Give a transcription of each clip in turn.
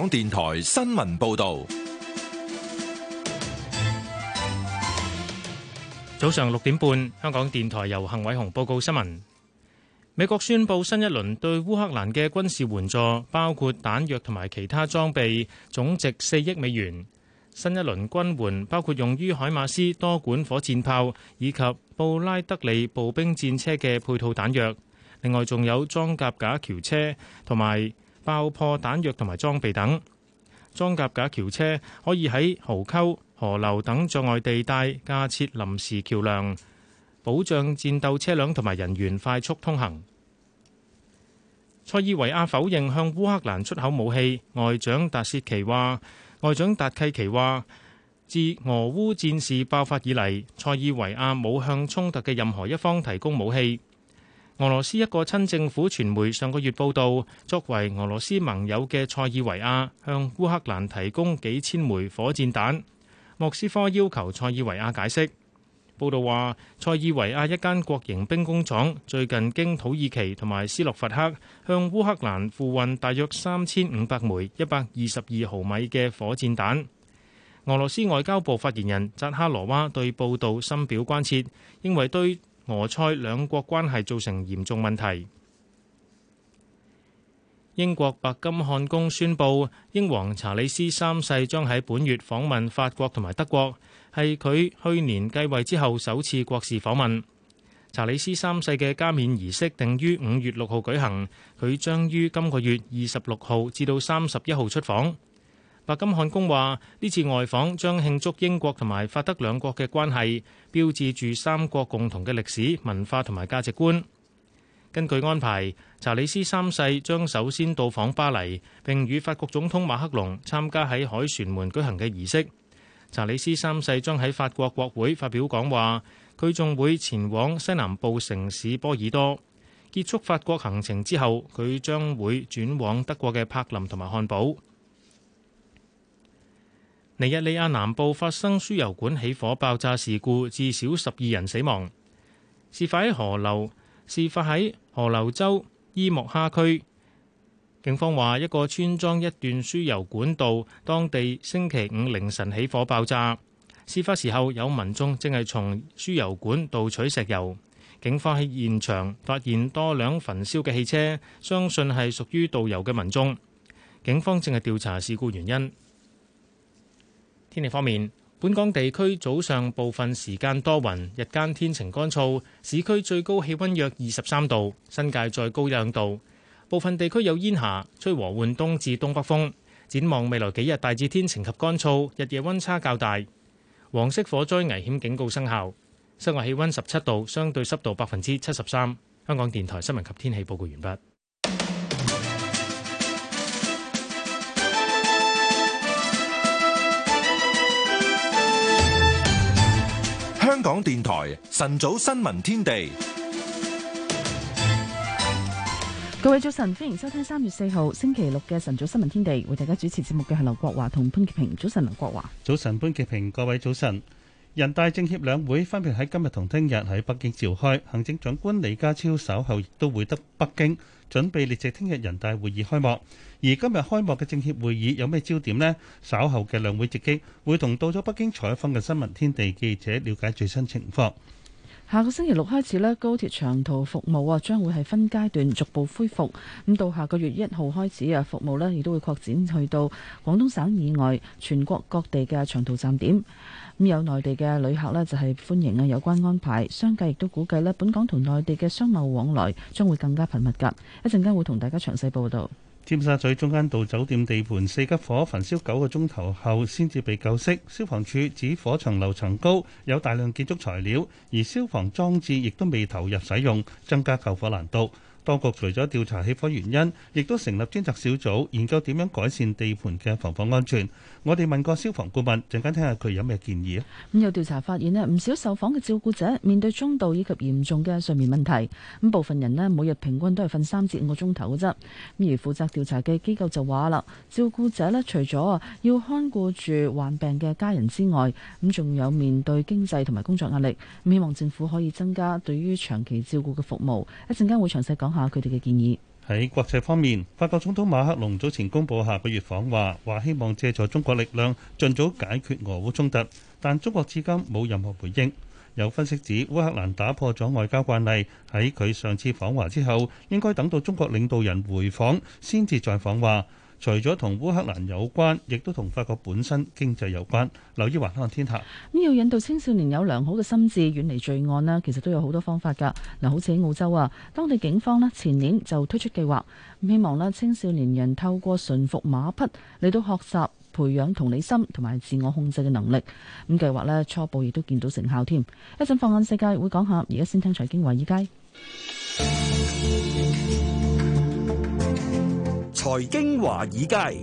港電台新聞報道，早上六點半，香港電台由幸偉雄報告新聞。美國宣布新一輪對烏克蘭嘅軍事援助，包括彈藥同埋其他裝備，總值四億美元。新一輪軍援包括用於海馬斯多管火箭炮以及布拉德利步兵戰車嘅配套彈藥，另外仲有裝甲架橋車同埋。爆破彈藥同埋裝備等，裝甲架橋車可以喺壕溝、河流等障礙地帶架設臨時橋樑，保障戰鬥車輛同埋人員快速通行。塞爾維亞否認向烏克蘭出口武器，外長達契奇話，外長達契奇話，自俄烏戰事爆發以嚟，塞爾維亞冇向衝突嘅任何一方提供武器。俄羅斯一個親政府傳媒上個月報道，作為俄羅斯盟友嘅塞爾維亞向烏克蘭提供幾千枚火箭彈。莫斯科要求塞爾維亞解釋。報道話，塞爾維亞一間國營兵工廠最近經土耳其同埋斯洛伐克向烏克蘭附運大約三千五百枚一百二十二毫米嘅火箭彈。俄羅斯外交部發言人扎哈羅娃對報道深表關切，認為對俄塞兩國關係造成嚴重問題。英國白金漢宮宣布，英皇查理斯三世將喺本月訪問法國同埋德國，係佢去年繼位之後首次國事訪問。查理斯三世嘅加冕儀式定於五月六號舉行，佢將於今個月二十六號至到三十一號出訪。白金漢宮話：呢次外訪將慶祝英國同埋法德兩國嘅關係，標誌住三國共同嘅歷史、文化同埋價值觀。根據安排，查理斯三世將首先到訪巴黎，並與法國總統馬克龍參加喺凱旋門舉行嘅儀式。查理斯三世將喺法國國會發表講話，佢仲會前往西南部城市波爾多。結束法國行程之後，佢將會轉往德國嘅柏林同埋漢堡。尼日利亞南部發生輸油管起火爆炸事故，至少十二人死亡。事發喺河流，事發喺河流州伊莫哈區。警方話，一個村莊一段輸油管道，當地星期五凌晨起火爆炸。事發時候有民眾正係從輸油管盜取石油。警方喺現場發現多輛焚燒嘅汽車，相信係屬於盜油嘅民眾。警方正係調查事故原因。天氣方面，本港地區早上部分時間多雲，日間天晴乾燥，市區最高氣溫約二十三度，新界再高一兩度，部分地區有煙霞，吹和緩東至東北風。展望未來幾日，大致天晴及乾燥，日夜溫差較大。黃色火災危險警告生效，室外氣溫十七度，相對濕度百分之七十三。香港電台新聞及天氣報告完畢。香港電台晨早新聞天地，各位早晨，歡迎收聽三月四號星期六嘅晨早新聞天地，為大家主持節目嘅係劉國華同潘潔平。早晨，劉國華。早晨，潘潔平。各位早晨，人大政協兩會分別喺今日同聽日喺北京召開，行政長官李家超稍後亦都會得北京。準備列席聽日人大會議開幕，而今日開幕嘅政協會議有咩焦點呢？稍後嘅兩會直擊，會同到咗北京採訪嘅新聞天地記者了解最新情況。下個星期六開始呢，高鐵長途服務啊，將會係分階段逐步恢復。咁到下個月一號開始啊，服務呢亦都會擴展去到廣東省以外全國各地嘅長途站點。咁有內地嘅旅客咧，就係歡迎啊！有關安排，商界亦都估計咧，本港同內地嘅商貿往來將會更加頻密㗎。一陣間會同大家詳細報道。尖沙咀中間道酒店地盤四級火焚燒九個鐘頭後，先至被救熄。消防處指火場樓層高，有大量建築材料，而消防裝置亦都未投入使用，增加救火難度。當局除咗調查起火原因，亦都成立專責小組研究點樣改善地盤嘅防火安全。我哋問過消防顧問，陣間聽下佢有咩建議啊？咁有調查發現咧，唔少受訪嘅照顧者面對中度以及嚴重嘅睡眠問題，咁部分人咧每日平均都係瞓三至五個鐘頭嘅啫。咁而負責調查嘅機構就話啦，照顧者咧除咗要看顧住患病嘅家人之外，咁仲有面對經濟同埋工作壓力，咁希望政府可以增加對於長期照顧嘅服務。一陣間會詳細講下佢哋嘅建議。喺國際方面，法國總統馬克龍早前公布下個月訪華，話希望借助中國力量，盡早解決俄烏衝突，但中國至今冇任何回應。有分析指，烏克蘭打破咗外交慣例，喺佢上次訪華之後，應該等到中國領導人回訪先至再訪華。除咗同烏克蘭有關，亦都同法國本身經濟有關。留意環行天下。咁要引導青少年有良好嘅心智，遠離罪案啦，其實都有好多方法㗎。嗱，好似喺澳洲啊，當地警方咧前年就推出計劃，咁希望咧青少年人透過馴服馬匹嚟到學習培養同理心同埋自我控制嘅能力。咁計劃咧初步亦都見到成效添。一陣放眼世界會講下，而家先聽財經華爾街。財經華爾街，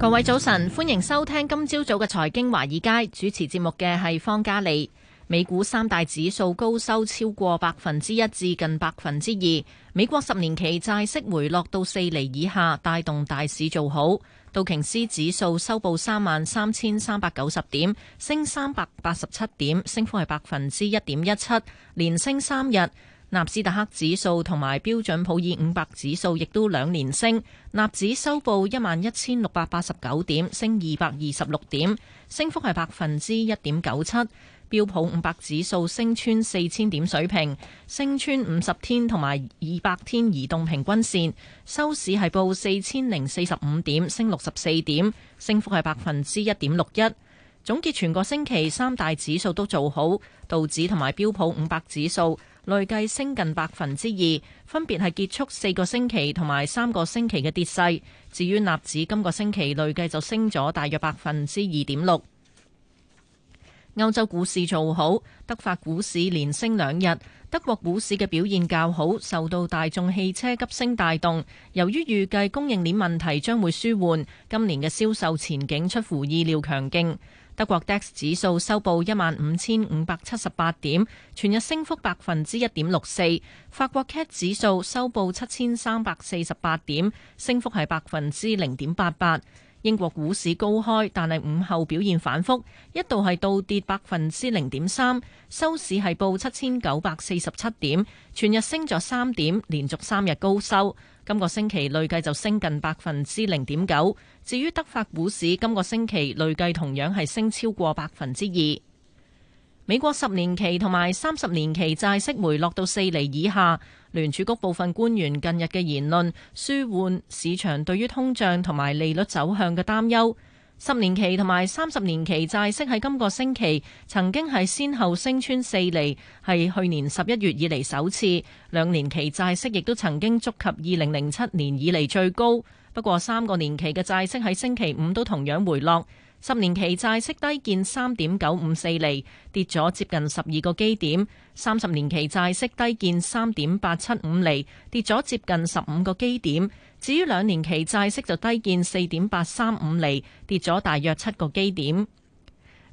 各位早晨，歡迎收聽今朝早嘅財經華爾街。主持節目嘅係方嘉利。美股三大指數高收超過百分之一至近百分之二，美國十年期債息回落到四厘以下，帶動大市做好。道瓊斯指數收報三萬三千三百九十點，升三百八十七點，升幅係百分之一點一七，連升三日。納斯達克指數同埋標準普爾五百指數亦都兩連升，納指收報一萬一千六百八十九點，升二百二十六點，升幅係百分之一點九七。標普五百指數升穿四千點水平，升穿五十天同埋二百天移動平均線，收市係報四千零四十五點，升六十四點，升幅係百分之一點六一。總結，全個星期三大指數都做好，道指同埋標普五百指數。累計升近百分之二，分別係結束四個星期同埋三個星期嘅跌勢。至於納指今個星期累計就升咗大約百分之二點六。歐洲股市做好，德法股市連升兩日。德國股市嘅表現較好，受到大眾汽車急升帶動。由於預計供應鏈問題將會舒緩，今年嘅銷售前景出乎意料強勁。德國 DAX 指數收報一萬五千五百七十八點，全日升幅百分之一點六四。法國 CAC 指數收報七千三百四十八點，升幅係百分之零點八八。英國股市高開，但係午後表現反覆，一度係倒跌百分之零點三，收市係報七千九百四十七點，全日升咗三點，連續三日高收。今個星期累計就升近百分之零點九。至於德法股市，今個星期累計同樣係升超過百分之二。美國十年期同埋三十年期債息回落到四厘以下，聯儲局部分官員近日嘅言論舒緩市場對於通脹同埋利率走向嘅擔憂。十年期同埋三十年期債息喺今個星期曾經係先後升穿四厘，係去年十一月以嚟首次。兩年期債息亦都曾經觸及二零零七年以嚟最高。不過三個年期嘅債息喺星期五都同樣回落。十年期債息低見三點九五四厘，跌咗接近十二個基點；三十年期債息低見三點八七五厘，跌咗接近十五個基點。至於兩年期債息就低見四點八三五厘，跌咗大約七個基點。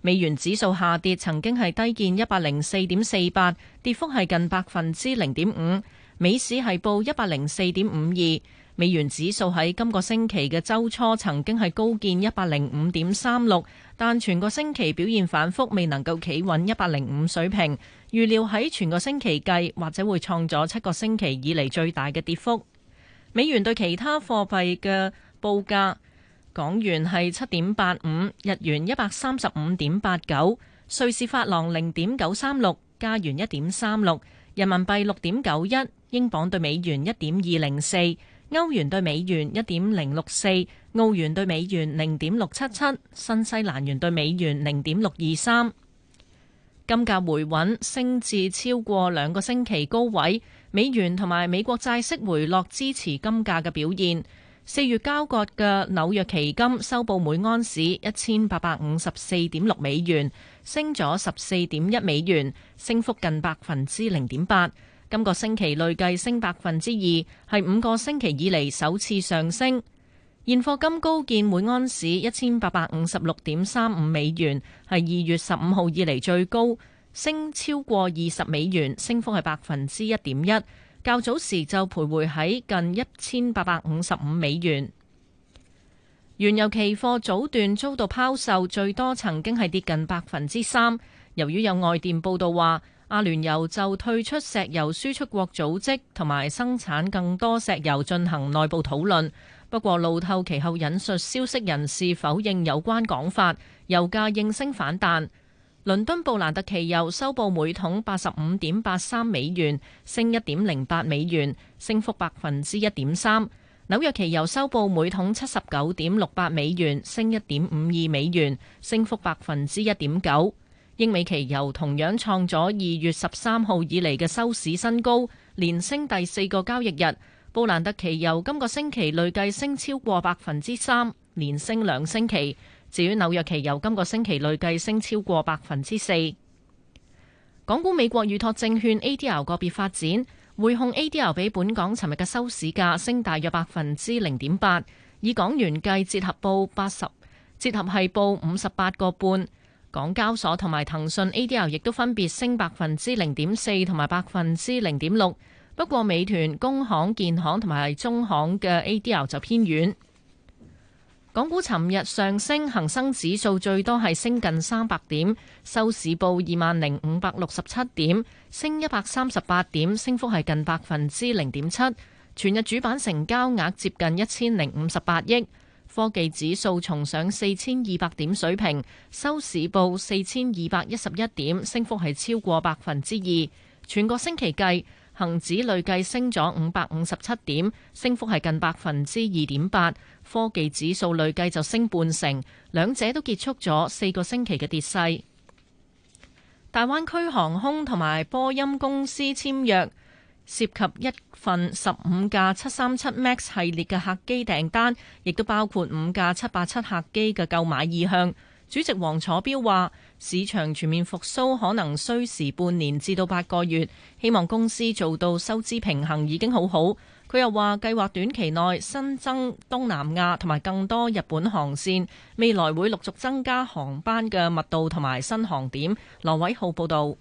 美元指數下跌，曾經係低見一百零四點四八，跌幅係近百分之零點五。美市係報一百零四點五二。美元指數喺今個星期嘅週初曾經係高見一百零五點三六，但全個星期表現反覆，未能夠企穩一百零五水平。預料喺全個星期計，或者會創咗七個星期以嚟最大嘅跌幅。美元對其他貨幣嘅報價：港元係七點八五，日元一百三十五點八九，瑞士法郎零點九三六，加元一點三六，人民幣六點九一，英鎊對美元一點二零四。歐元兌美元一點零六四，澳元兌美元零點六七七，新西蘭元兌美元零點六二三。金價回穩，升至超過兩個星期高位。美元同埋美國債息回落支持金價嘅表現。四月交割嘅紐約期金收報每安士一千八百五十四點六美元，升咗十四點一美元，升幅近百分之零點八。今個星期累計升百分之二，係五個星期以嚟首次上升。現貨金高見每安士一千八百五十六點三五美元，係二月十五號以嚟最高，升超過二十美元，升幅係百分之一點一。較早時就徘徊喺近一千八百五十五美元。原油期貨早段遭到拋售，最多曾經係跌近百分之三。由於有外電報道話，阿聯酋就退出石油輸出國組織同埋生產更多石油進行內部討論。不過路透其後引述消息人士否認有關講法。油價應聲反彈。倫敦布蘭特期油收報每桶八十五點八三美元，升一點零八美元，升幅百分之一點三。紐約期油收報每桶七十九點六八美元，升一點五二美元，升幅百分之一點九。英美期油同樣創咗二月十三號以嚟嘅收市新高，連升第四個交易日。布蘭特期油今個星期累計升超過百分之三，連升兩星期。至於紐約期油今個星期累計升超過百分之四。港股美國預託證券 A D R 個別發展，匯控 A D R 比本港尋日嘅收市價升大約百分之零點八，以港元計折合報八十，折合係報五十八個半。港交所同埋騰訊 ADR 亦都分別升百分之零點四同埋百分之零點六，不過美團、工行、建行同埋中行嘅 ADR 就偏軟。港股尋日上升，恒生指數最多係升近三百點，收市報二萬零五百六十七點，升一百三十八點，升幅係近百分之零點七。全日主板成交額接近一千零五十八億。科技指數重上四千二百點水平，收市報四千二百一十一點，升幅係超過百分之二。全個星期計，恒指累計升咗五百五十七點，升幅係近百分之二點八。科技指數累計就升半成，兩者都結束咗四個星期嘅跌勢。大灣區航空同埋波音公司簽約。涉及一份十五架七三七 MAX 系列嘅客機訂單，亦都包括五架七八七客機嘅購買意向。主席黃楚標話：市場全面復蘇可能需時半年至到八個月，希望公司做到收支平衡已經好好。佢又話計劃短期內新增東南亞同埋更多日本航線，未來會陸續增加航班嘅密度同埋新航點。羅偉浩報道。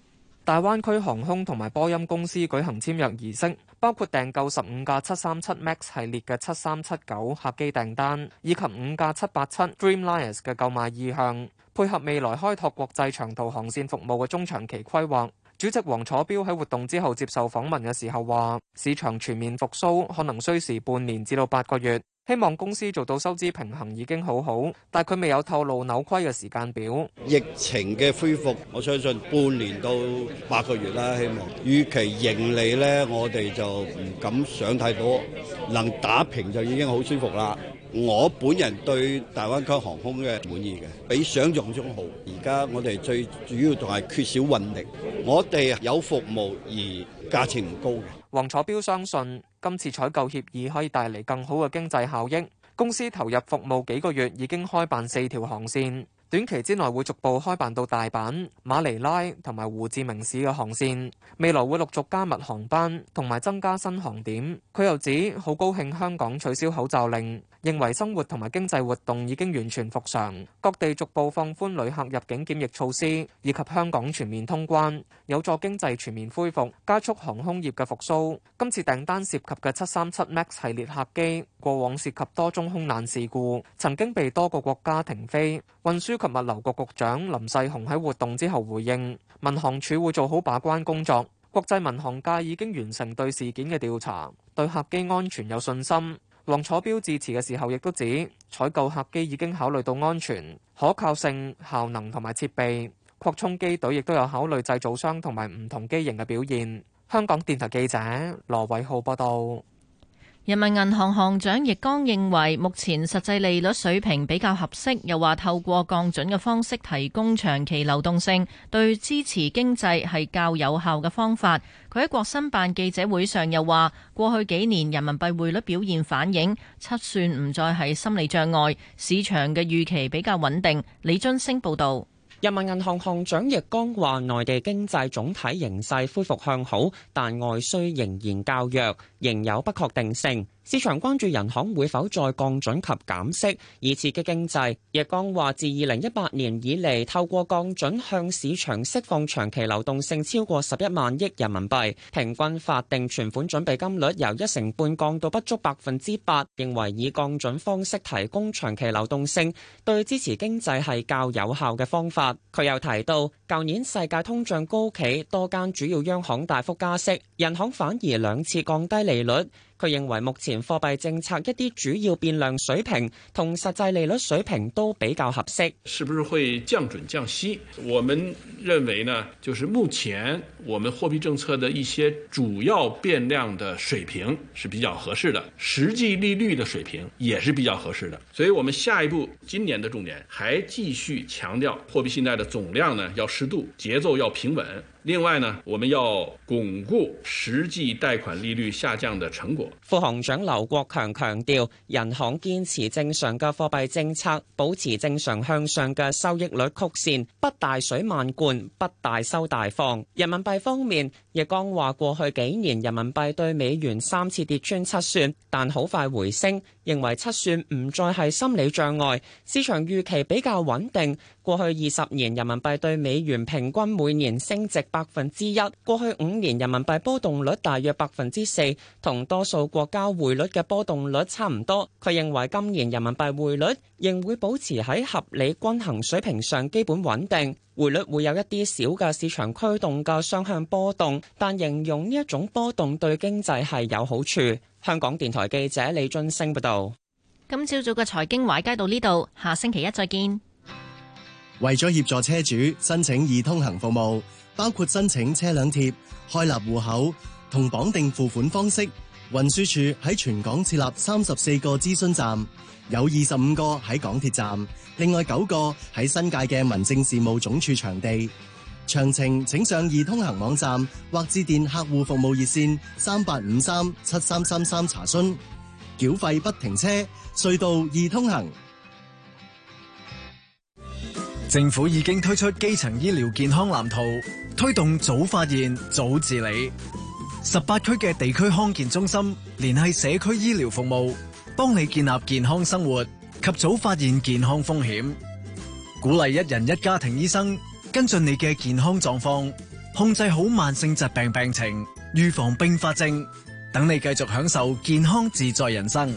大灣區航空同埋波音公司舉行簽約儀式，包括訂購十五架七三七 MAX 系列嘅七三七九客機訂單，以及五架七八七 Dreamliner 嘅購買意向，配合未來開拓國際長途航線服務嘅中長期規劃。主席黃楚標喺活動之後接受訪問嘅時候話：市場全面復甦可能需時半年至到八個月。希望公司做到收支平衡已經好好，但佢未有透露扭虧嘅時間表。疫情嘅恢復，我相信半年到八個月啦。希望預期盈利咧，我哋就唔敢想太多，能打平就已經好舒服啦。我本人對大灣區航空嘅滿意嘅，比想象中好。而家我哋最主要仲係缺少運力，我哋有服務而價錢唔高嘅。黃楚標相信。今次採購協議可以帶嚟更好嘅經濟效益。公司投入服務幾個月，已經開辦四條航線。短期之內會逐步開辦到大阪、馬尼拉同埋胡志明市嘅航線，未來會陸續加密航班同埋增加新航點。佢又指好高興香港取消口罩令，認為生活同埋經濟活動已經完全復常，各地逐步放寬旅客入境檢疫措施，以及香港全面通關，有助經濟全面恢復，加速航空業嘅復甦。今次訂單涉及嘅七三七 MAX 系列客機，過往涉及多宗空難事故，曾經被多個國家停飛，運輸。物流局局長林世雄喺活動之後回應，民航處會做好把關工作。國際民航界已經完成對事件嘅調查，對客機安全有信心。黃楚標致辭嘅時候亦都指，採購客機已經考慮到安全可靠性、效能同埋設備擴充機隊，亦都有考慮製造商同埋唔同機型嘅表現。香港電台記者羅偉浩報道。人民銀行行長易綱認為，目前實際利率水平比較合適，又話透過降準嘅方式提供長期流動性，對支持經濟係較有效嘅方法。佢喺國新辦記者會上又話，過去幾年人民幣匯率表現反映七算唔再係心理障礙，市場嘅預期比較穩定。李津升報道。人民銀行行長易綱話：內地經濟總體形勢恢復向好，但外需仍然較弱，仍有不確定性。市場關注人行會否再降準及減息以刺激經濟。易綱話：自二零一八年以嚟，透過降準向市場釋放長期流動性超過十一萬億人民幣，平均法定存款準備金率由一成半降到不足百分之八，認為以降準方式提供長期流動性對支持經濟係較有效嘅方法。佢又提到，舊年世界通脹高企，多間主要央行大幅加息，人行反而兩次降低利率。佢認為，目前貨幣政策一啲主要變量水平同實際利率水平都比較合適。是不是會降準、降息？我們認為呢，就是目前我們貨幣政策的一些主要變量的水平是比較合適的，實際利率的水平也是比較合適的。所以，我們下一步今年的重點，還繼續強調貨幣信貸的總量呢，要適度，節奏要平穩。另外呢，我們要鞏固實際貸款利率下降的成果。副行長劉國強強調，人行堅持正常嘅貨幣政策，保持正常向上嘅收益率曲線，不大水漫灌，不大收大放。人民幣方面，易綱話過去幾年人民幣對美元三次跌穿七算，但好快回升，認為七算唔再係心理障礙，市場預期比較穩定。過去二十年，人民幣對美元平均每年升值百分之一，過去五年人民幣波動率大約百分之四，同多數。國家匯率嘅波動率差唔多，佢認為今年人民幣匯率仍會保持喺合理均衡水平上基本穩定，匯率會有一啲小嘅市場驅動嘅雙向波動，但形容呢一種波動對經濟係有好處。香港電台記者李津升報道。今朝早嘅財經華街到呢度，下星期一再見。為咗協助車主申請易通行服務，包括申請車輛貼、開立戶口同綁定付款方式。運輸處喺全港設立三十四個諮詢站，有二十五個喺港鐵站，另外九個喺新界嘅民政事務總署場地。詳情請上易通行網站或致電客戶服務熱線三八五三七三三三查詢。繳費不停車，隧道易通行。政府已經推出基層醫療健康藍圖，推動早發現、早治理。十八區嘅地區康健中心聯繫社區醫療服務，幫你建立健康生活，及早發現健康風險，鼓勵一人一家庭醫生跟進你嘅健康狀況，控制好慢性疾病病情，預防併發症，等你繼續享受健康自在人生。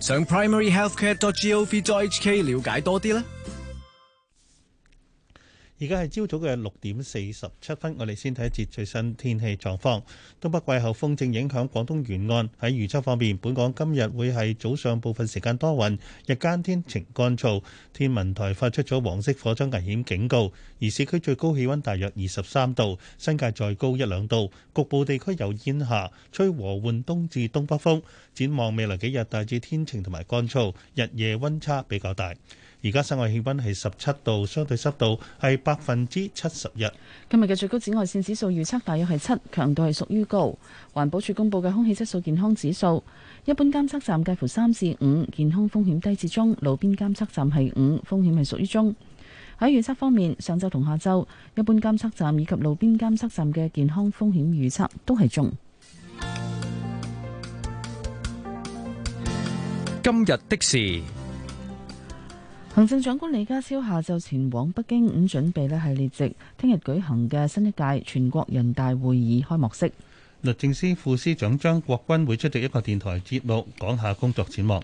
上 primaryhealthcare.gov.hk 了解多啲啦。而家係朝早嘅六點四十七分，我哋先睇一節最新天氣狀況。東北季候風正影響廣東沿岸。喺預測方面，本港今日會係早上部分時間多雲，日間天晴乾燥。天文台發出咗黃色火災危險警告，而市區最高氣溫大約二十三度，新界再高一兩度，局部地區有煙霞，吹和緩東至東北風。展望未來幾日，大致天晴同埋乾燥，日夜溫差比較大。而家室外氣温係十七度，相對濕度係百分之七十一。今日嘅最高紫外線指數預測大約係七，強度係屬於高。環保署公布嘅空氣質素健康指數，一般監測站介乎三至五，健康風險低至中；路邊監測站係五，風險係屬於中。喺預測方面，上晝同下晝一般監測站以及路邊監測站嘅健康風險預測都係中。今日的事。行政長官李家超下晝前往北京，五準備咧係列席，聽日舉行嘅新一屆全國人大會議開幕式。律政司副司長張國軍會出席一個電台節目，講下工作展望。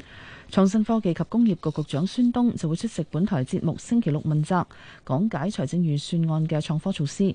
創新科技及工業局局長孫東就會出席本台節目，星期六問責，講解財政預算案嘅創科措施。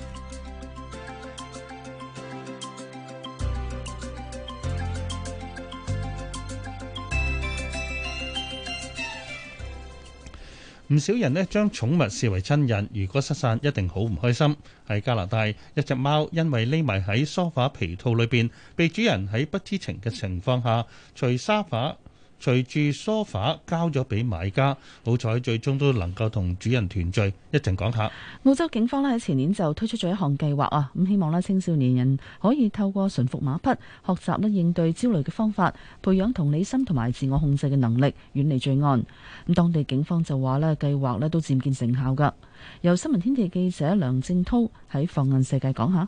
唔少人呢將寵物視為親人，如果失散一定好唔開心。喺加拿大，一隻貓因為匿埋喺梳化皮套裏邊，被主人喺不知情嘅情況下除沙發。隨住梳化交咗俾買家，好彩最終都能夠同主人團聚。講一陣講下，澳洲警方咧喺前年就推出咗一項計劃啊，咁希望咧青少年人可以透過馴服馬匹，學習咧應對焦慮嘅方法，培養同理心同埋自我控制嘅能力，遠離罪案。咁當地警方就話咧，計劃咧都漸見成效噶。由新聞天地記者梁正濤喺放眼世界講下，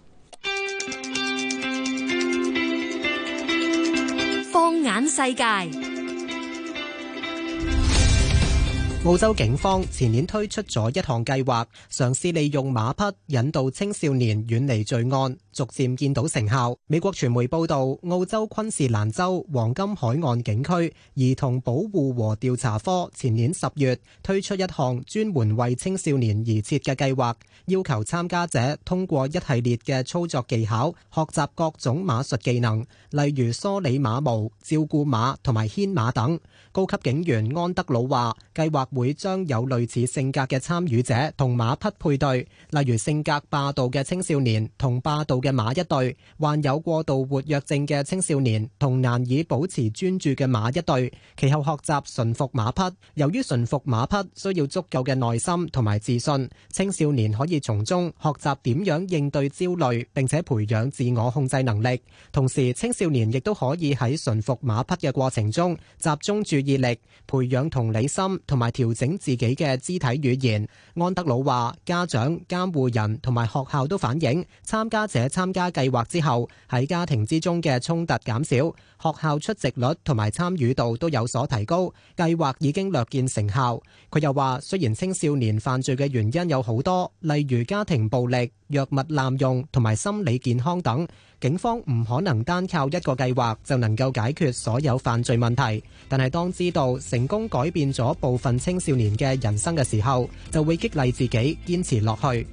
放眼世界。澳洲警方前年推出咗一項計劃，嘗試利用馬匹引導青少年遠離罪案。逐漸見到成效。美國傳媒報導，澳洲昆士蘭州黃金海岸警區兒童保護和調查科前年十月推出一項專門為青少年而設嘅計劃，要求參加者通過一系列嘅操作技巧，學習各種馬術技能，例如梳理馬毛、照顧馬同埋牽馬等。高級警員安德魯話，計劃會將有類似性格嘅參與者同馬匹配對，例如性格霸道嘅青少年同霸道。嘅馬一對患有過度活躍症嘅青少年同難以保持專注嘅馬一對，其後學習馴服馬匹。由於馴服馬匹需要足夠嘅耐心同埋自信，青少年可以從中學習點樣應對焦慮，並且培養自我控制能力。同時，青少年亦都可以喺馴服馬匹嘅過程中集中注意力，培養同理心同埋調整自己嘅肢體語言。安德魯話：家長、監護人同埋學校都反映參加者。參加計劃之後，喺家庭之中嘅衝突減少，學校出席率同埋參與度都有所提高，計劃已經略見成效。佢又話，雖然青少年犯罪嘅原因有好多，例如家庭暴力、藥物濫用同埋心理健康等，警方唔可能單靠一個計劃就能夠解決所有犯罪問題。但係當知道成功改變咗部分青少年嘅人生嘅時候，就會激勵自己堅持落去。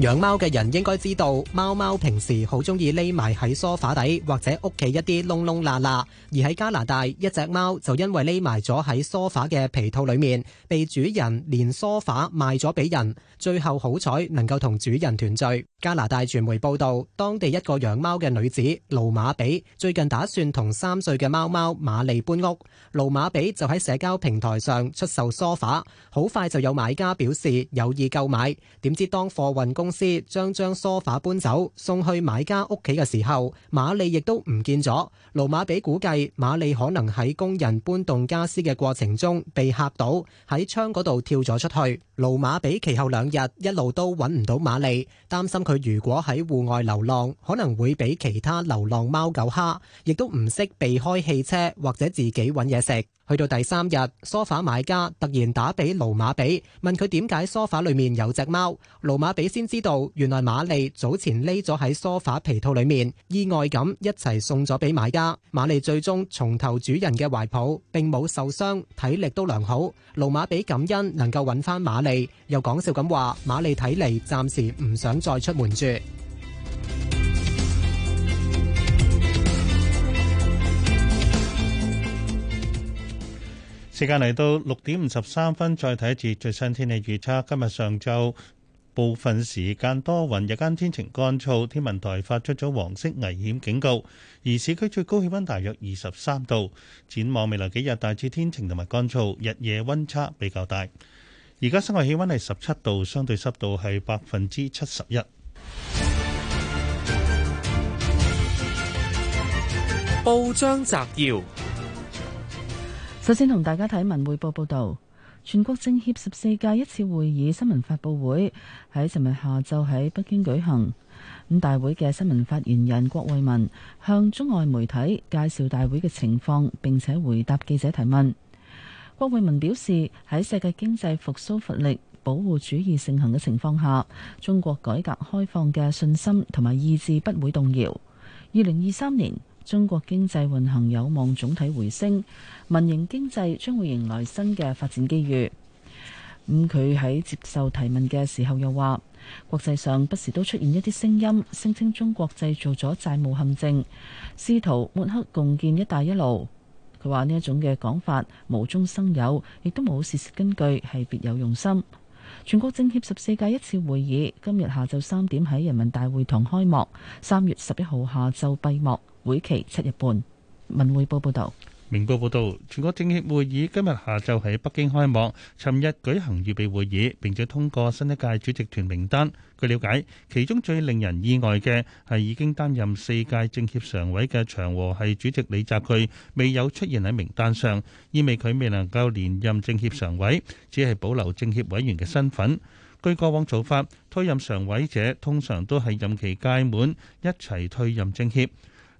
養貓嘅人應該知道，貓貓平時好中意匿埋喺梳化底或者屋企一啲窿窿罅罅。而喺加拿大，一隻貓就因為匿埋咗喺梳化嘅皮套裏面，被主人連梳化賣咗俾人，最後好彩能夠同主人團聚。加拿大傳媒報道，當地一個養貓嘅女子盧馬比最近打算同三歲嘅貓貓瑪麗搬屋。盧馬比就喺社交平台上出售梳化，好快就有買家表示有意購買。點知當貨運工公司將張梳化搬走送去買家屋企嘅時候，瑪麗亦都唔見咗。盧馬比估計瑪麗可能喺工人搬動家私嘅過程中被吓到，喺窗嗰度跳咗出去。盧馬比其後兩日一路都揾唔到瑪麗，擔心佢如果喺戶外流浪，可能會俾其他流浪貓狗蝦，亦都唔識避開汽車或者自己揾嘢食。去到第三日，梳化買家突然打俾盧馬比，問佢點解梳化裏面有隻貓。盧馬比先知道，原來馬利早前匿咗喺梳化皮套裏面，意外咁一齊送咗俾買家。馬利最終重頭主人嘅懷抱，並冇受傷，體力都良好。盧馬比感恩能夠揾翻馬利，又講笑咁話：馬利睇嚟暫時唔想再出門住。時間嚟到六點五十三分，再睇一次最新天氣預測。今日上晝部分時間多雲，日間天晴乾燥。天文台發出咗黃色危險警告，而市區最高氣溫大約二十三度。展望未來幾日，大致天晴同埋乾燥，日夜溫差比較大。而家室外氣溫係十七度，相對濕度係百分之七十一。報章摘要。首先同大家睇文匯報報道，全國政協十四屆一次會議新聞發佈會喺尋日下晝喺北京舉行。咁大會嘅新聞發言人郭衛民向中外媒體介紹大會嘅情況，並且回答記者提問。郭衛民表示，喺世界經濟復甦乏力、保護主義盛行嘅情況下，中國改革開放嘅信心同埋意志不會動搖。二零二三年。中國經濟運行有望總體回升，民營經濟將會迎來新嘅發展機遇。咁佢喺接受提問嘅時候又話，國際上不時都出現一啲聲音，聲稱中國製造咗債務陷阱，試圖抹黑共建一帶一路。佢話呢一種嘅講法無中生有，亦都冇事實根據，係別有用心。全國政協十四屆一次會議今日下晝三點喺人民大會堂開幕，三月十一號下晝閉幕，會期七日半。文匯報報導。明報報道，全國政協會議今日下晝喺北京開幕。尋日舉行預備會議，並且通過新一屆主席團名單。據了解，其中最令人意外嘅係已經擔任四屆政協常委嘅長和系主席李澤鉅未有出現喺名單上，意味佢未能夠連任政協常委，只係保留政協委員嘅身份。據過往做法，退任常委者通常都係任期屆滿一齊退任政協。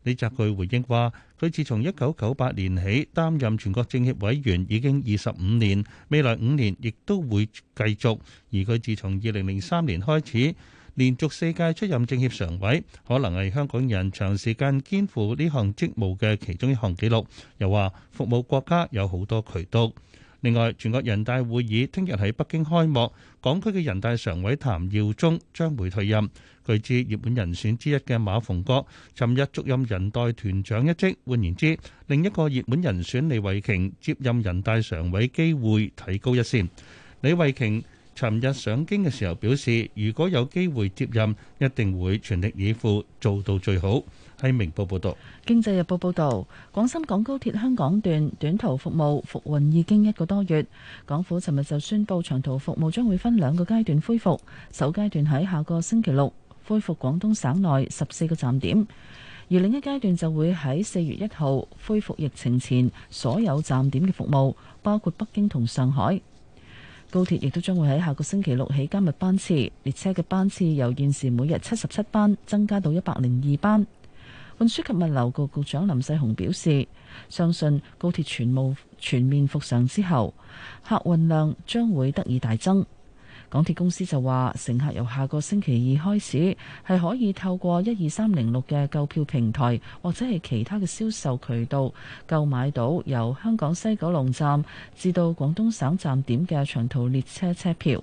李澤鉅回應話。佢自從一九九八年起擔任全國政協委員已經二十五年，未來五年亦都會繼續。而佢自從二零零三年開始連續四屆出任政協常委，可能係香港人長時間肩負呢項職務嘅其中一項記錄。又話服務國家有好多渠道。另外，全國人大會議聽日喺北京開幕，港區嘅人大常委譚耀宗將會退任。據知熱門人選之一嘅馬逢國，尋日續任人代團長一職。換言之，另一個熱門人選李慧瓊接任人大常委機會提高一線。李慧瓊尋日上京嘅時候表示，如果有機會接任，一定會全力以赴做到最好。《明報》報道，《經濟日報》報道，廣深港高鐵香港段短途服務復運已經一個多月。港府尋日就宣布，長途服務將會分兩個階段恢復。首階段喺下個星期六恢復廣東省內十四個站點，而另一階段就會喺四月一號恢復疫情前所有站點嘅服務，包括北京同上海。高鐵亦都將會喺下個星期六起加密班次，列車嘅班次由現時每日七十七班增加到一百零二班。運輸及物流局局長林世雄表示，相信高鐵全部全面復常之後，客運量將會得以大增。港鐵公司就話，乘客由下個星期二開始，係可以透過一二三零六嘅購票平台或者係其他嘅銷售渠道，購買到由香港西九龍站至到廣東省站點嘅長途列車車票。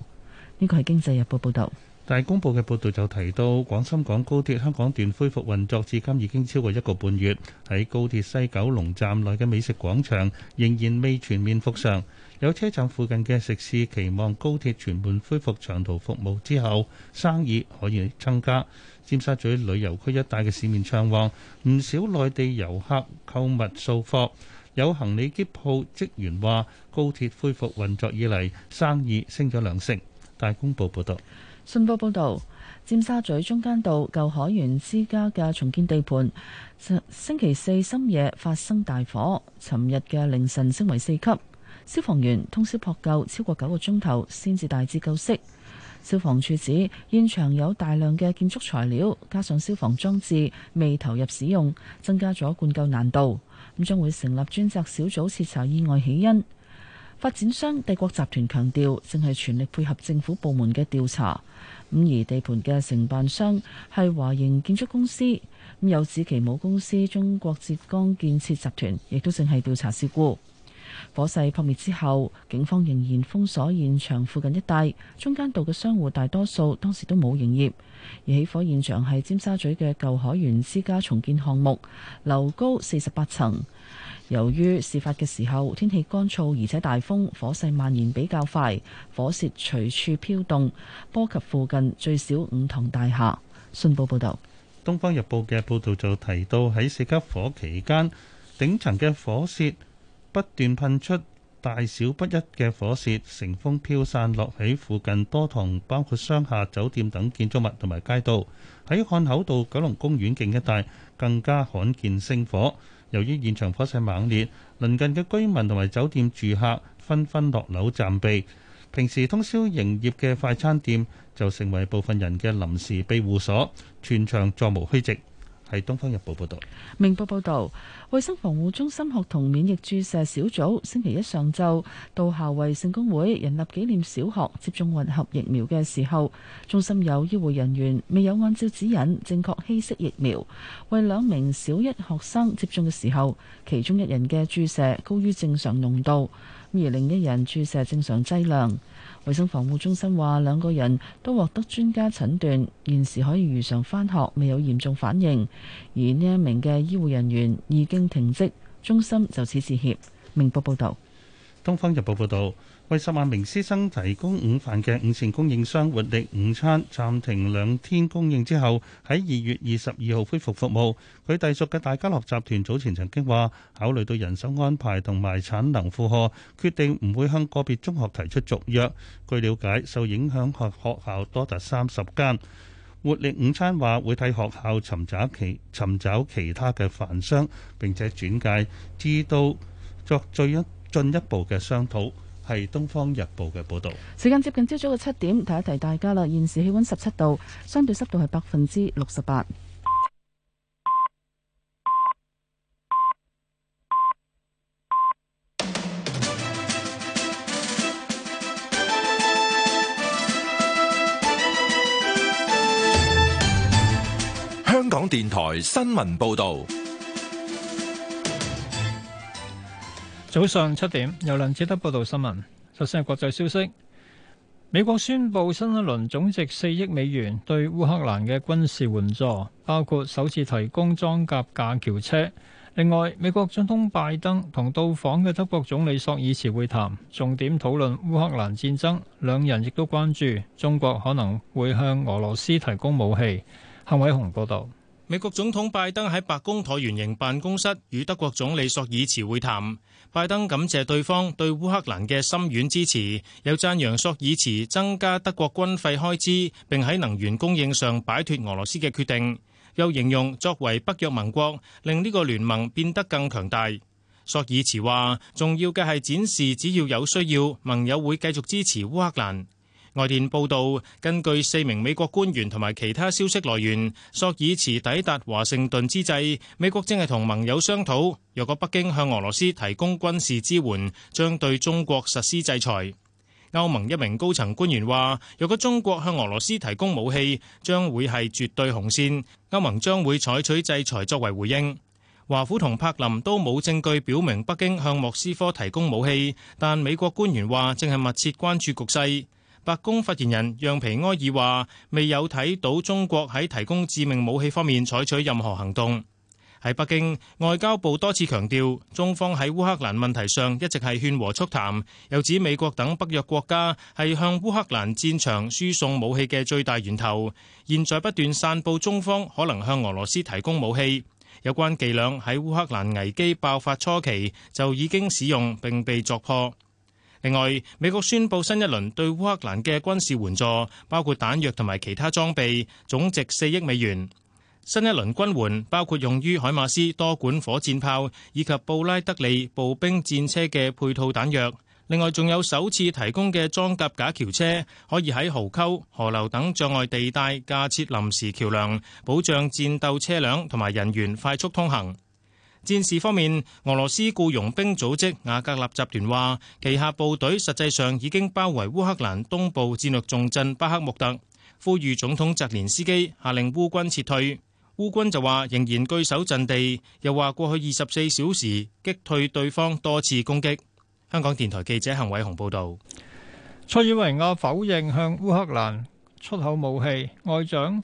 呢個係《經濟日報》報道。大公報嘅報導就提到，廣深港高鐵香港段恢復運作至今已經超過一個半月，喺高鐵西九龍站內嘅美食廣場仍然未全面復常。有車站附近嘅食肆期望高鐵全盤恢復長途服務之後，生意可以增加。尖沙咀旅遊區一帶嘅市面暢旺，唔少內地遊客購物掃貨。有行李喼舖職員話，高鐵恢復運作以嚟生意升咗兩成。大公報報導。信報報導，尖沙咀中間道舊海源員之家嘅重建地盤，星期四深夜發生大火，尋日嘅凌晨升為四級，消防員通宵撲救超過九個鐘頭先至大致救熄。消防處指現場有大量嘅建築材料，加上消防裝置未投入使用，增加咗灌救難度，咁將會成立專責小組徹查意外起因。發展商帝國集團強調，正係全力配合政府部門嘅調查。咁而地盤嘅承辦商係華營建築公司，咁有指其母公司中國浙江建設集團亦都正係調查事故。火勢撲滅之後，警方仍然封鎖現場附近一帶。中間道嘅商戶大多數當時都冇營業。而起火現場係尖沙咀嘅舊海員之家重建項目，樓高四十八層。由於事發嘅時候天氣乾燥，而且大風，火勢蔓延比較快，火舌隨處飄動，波及附近最少五幢大廈。信報報道，《東方日報》嘅報導就提到，喺四級火期間，頂層嘅火舌不斷噴出，大小不一嘅火舌乘風飄散，落喺附近多幢包括商廈、酒店等建築物同埋街道。喺漢口道、九龍公園徑一帶更加罕見星火。由於現場火勢猛烈，鄰近嘅居民同埋酒店住客紛紛落樓暫避。平時通宵營業嘅快餐店就成為部分人嘅臨時庇護所，全場座無虛席。係《東方日報》報道，明報報道。衛生防護中心學童免疫注射小組星期一上晝到校衛聖公會仁立紀念小學接種混合疫苗嘅時候，中心有醫護人員未有按照指引正確稀釋疫苗，為兩名小一學生接種嘅時候，其中一人嘅注射高於正常濃度，而另一人注射正常劑量。衛生防護中心話，兩個人都獲得專家診斷，現時可以如常翻學，未有嚴重反應。而呢一名嘅醫護人員已經停職，中心就此致歉。明報報道，東方日報報道。為十萬名師生提供午飯嘅午膳供應商活力午餐暫停兩天供應之後，喺二月二十二號恢復服務。佢隸屬嘅大家樂集團早前曾經話，考慮到人手安排同埋產能負荷，決定唔會向個別中學提出續約。據瞭解，受影響學學校多達三十間。活力午餐話會替學校尋找其尋找其他嘅飯商，並且轉介，至到作最一進一步嘅商討。係《東方日報》嘅報道。時間接近朝早嘅七點，提一提大家啦。現時氣溫十七度，相對濕度係百分之六十八。香港電台新聞報道。早上七點，由梁志德報道新聞。首先係國際消息，美國宣布新一輪總值四億美元對烏克蘭嘅軍事援助，包括首次提供裝甲架橋車。另外，美國總統拜登同到訪嘅德國總理索爾茨會談，重點討論烏克蘭戰爭。兩人亦都關注中國可能會向俄羅斯提供武器。幸偉雄報道。美國總統拜登喺白宮橢圓形辦公室與德國總理索爾茨會談。拜登感謝對方對烏克蘭嘅深遠支持，有讚揚索爾茨增加德國軍費開支，並喺能源供應上擺脱俄羅斯嘅決定，又形容作為北約盟國，令呢個聯盟變得更強大。索爾茨話：重要嘅係展示只要有需要，盟友會繼續支持烏克蘭。外電報道，根據四名美國官員同埋其他消息來源，索爾茨抵達華盛頓之際，美國正係同盟友商討，若果北京向俄羅斯提供軍事支援，將對中國實施制裁。歐盟一名高層官員話，若果中國向俄羅斯提供武器，將會係絕對紅線，歐盟將會採取制裁作為回應。華府同柏林都冇證據表明北京向莫斯科提供武器，但美國官員話正係密切關注局勢。白宮發言人讓皮埃爾話：未有睇到中國喺提供致命武器方面採取任何行動。喺北京，外交部多次強調，中方喺烏克蘭問題上一直係勸和促談。又指美國等北約國家係向烏克蘭戰場輸送武器嘅最大源頭。現在不斷散布中方可能向俄羅斯提供武器，有關伎倆喺烏克蘭危機爆發初期就已經使用並被作破。另外，美國宣布新一輪對烏克蘭嘅軍事援助，包括彈藥同埋其他裝備，總值四億美元。新一輪軍援包括用於海馬斯多管火箭炮以及布拉德利步兵戰車嘅配套彈藥，另外仲有首次提供嘅裝甲架橋車，可以喺壕溝、河流等障礙地帶架設臨時橋梁，保障戰鬥車輛同埋人員快速通行。戰事方面，俄羅斯僱傭兵組織瓦格納集團話，旗下部隊實際上已經包圍烏克蘭東部戰略重鎮巴克穆特，呼籲總統澤連斯基下令烏軍撤退。烏軍就話仍然據守陣地，又話過去二十四小時擊退對方多次攻擊。香港電台記者陳偉雄報導。塞爾維亞否認向烏克蘭出口武器，外長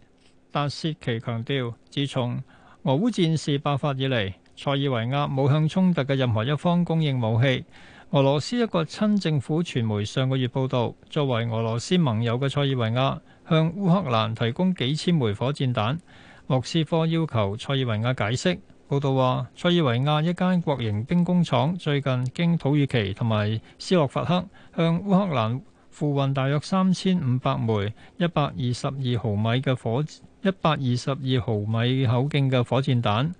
達薛奇強調，自從俄烏戰事爆發以嚟。塞爾維亞冇向衝突嘅任何一方供應武器。俄羅斯一個親政府傳媒上個月報道，作為俄羅斯盟友嘅塞爾維亞向烏克蘭提供幾千枚火箭彈。莫斯科要求塞爾維亞解釋。報道話，塞爾維亞一間國營兵工廠最近經土耳其同埋斯洛伐克向烏克蘭附運大約三千五百枚一百二十二毫米嘅火一百二十二毫米口徑嘅火箭彈。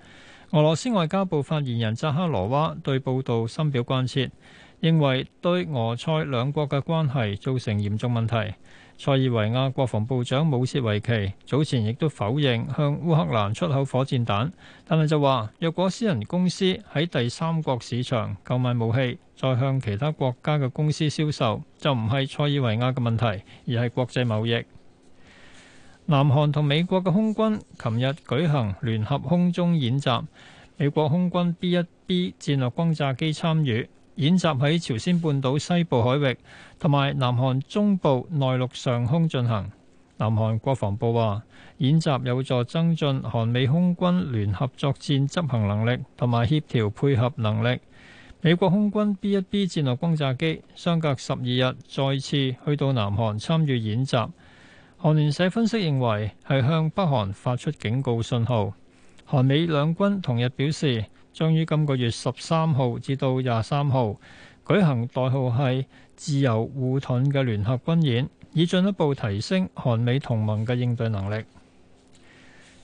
俄羅斯外交部發言人扎哈羅娃對報道深表關切，認為對俄塞兩國嘅關係造成嚴重問題。塞爾維亞國防部長武切維奇早前亦都否認向烏克蘭出口火箭彈，但係就話若果私人公司喺第三國市場購買武器，再向其他國家嘅公司銷售，就唔係塞爾維亞嘅問題，而係國際貿易。南韓同美國嘅空軍琴日舉行聯合空中演習，美國空軍 B 一 B 戰略轟炸機參與演習喺朝鮮半島西部海域同埋南韓中部內陸上空進行。南韓國防部話，演習有助增進韓美空軍聯合作戰執行能力同埋協調配合能力。美國空軍 B 一 B 戰略轟炸機相隔十二日再次去到南韓參與演習。韓聯社分析認為係向北韓發出警告信號。韓美兩軍同日表示，將於今個月十三號至到廿三號舉行代號係「自由護盾」嘅聯合軍演，以進一步提升韓美同盟嘅應對能力。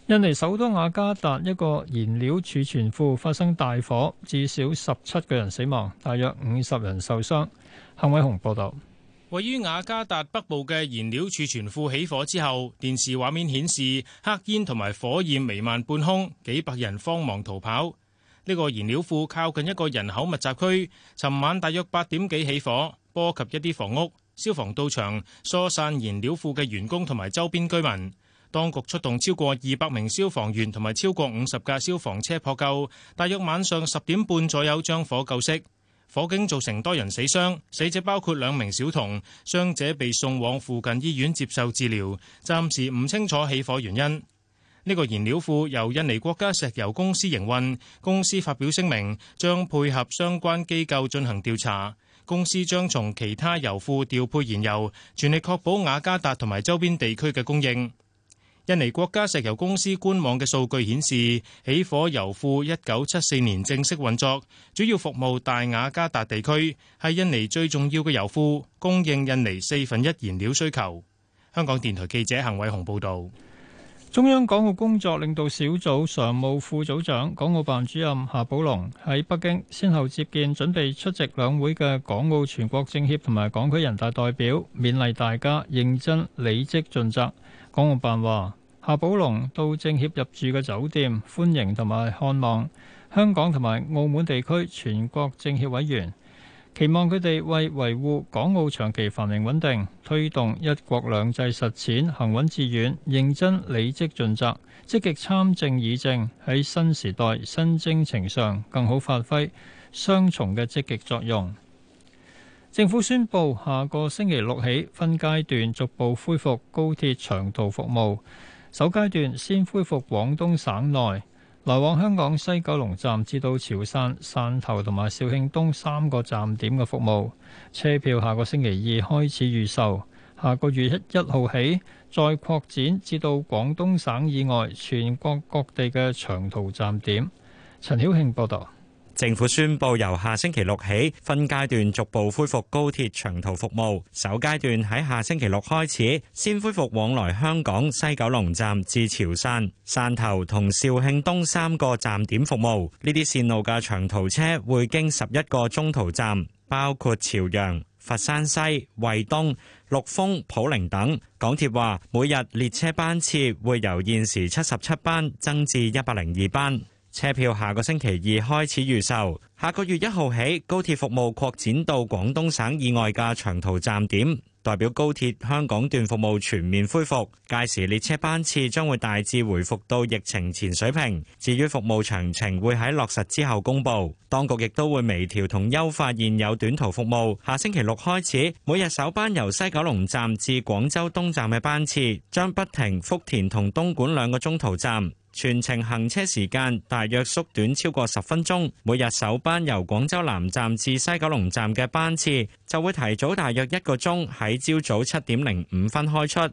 印尼首都雅加達一個燃料儲存庫發生大火，至少十七個人死亡，大約五十人受傷。幸偉雄報道。位於雅加達北部嘅燃料儲存庫起火之後，電視畫面顯示黑煙同埋火焰彌漫半空，幾百人慌忙逃跑。呢個燃料庫靠近一個人口密集區，尋晚大約八點幾起火，波及一啲房屋。消防到場疏散燃料庫嘅員工同埋周邊居民，當局出動超過二百名消防員同埋超過五十架消防車撲救，大約晚上十點半左右將火救熄。火警造成多人死傷，死者包括兩名小童，傷者被送往附近醫院接受治療，暫時唔清楚起火原因。呢個燃料庫由印尼國家石油公司營運，公司發表聲明，將配合相關機構進行調查，公司將從其他油庫調配燃油，全力確保雅加達同埋周邊地區嘅供應。印尼國家石油公司官網嘅數據顯示，起火油庫，一九七四年正式運作，主要服務大雅加達地區，係印尼最重要嘅油庫，供應印尼四分一燃料需求。香港電台記者陳偉雄報道。中央港澳工作領導小組常務副組長、港澳辦主任夏寶龍喺北京先後接見準備出席兩會嘅港澳全國政協同埋港區人大代表，勉勵大家認真履職盡責。港澳辦話：夏寶龍到政協入住嘅酒店歡迎同埋看望香港同埋澳門地區全國政協委員，期望佢哋為維護港澳長期繁榮穩定，推動一國兩制實踐行穩致遠，認真履職盡責，積極參政議政，喺新時代新征程上更好發揮雙重嘅積極作用。政府宣佈，下個星期六起分階段逐步恢復高鐵長途服務，首階段先恢復廣東省內，來往香港西九龍站至到潮汕、汕頭同埋肇慶東三個站點嘅服務，車票下個星期二開始預售。下個月一號起再擴展至到廣東省以外全國各地嘅長途站點，陳曉慶報道。政府宣布由下星期六起，分階段逐步恢復高鐵長途服務。首階段喺下星期六開始，先恢復往來香港西九龍站至潮汕、汕頭同肇慶東三個站點服務。呢啲線路嘅長途車會經十一個中途站，包括朝陽、佛山西、惠東、陸豐、普寧等。港鐵話，每日列車班次會由現時七十七班增至一百零二班。車票下個星期二開始預售，下個月一號起，高鐵服務擴展到廣東省以外嘅長途站點，代表高鐵香港段服務全面恢復。屆時列車班次將會大致回復到疫情前水平。至於服務詳情，會喺落實之後公布。當局亦都會微調同優化現有短途服務。下星期六開始，每日首班由西九龍站至廣州東站嘅班次，將不停福田同東莞兩個中途站。全程行車時間大約縮短超過十分鐘，每日首班由廣州南站至西九龍站嘅班次就會提早大約一個鐘，喺朝早七點零五分開出。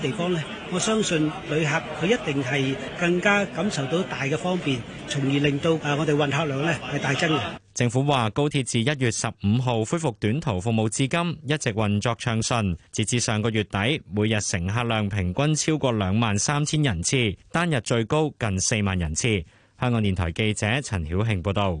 地方咧，我相信旅客佢一定係更加感受到大嘅方便，從而令到誒我哋運客量咧係大增嘅。政府話，高鐵自一月十五號恢復短途服務至今，一直運作暢順。截至上個月底，每日乘客量平均超過兩萬三千人次，單日最高近四萬人次。香港電台記者陳曉慶報道。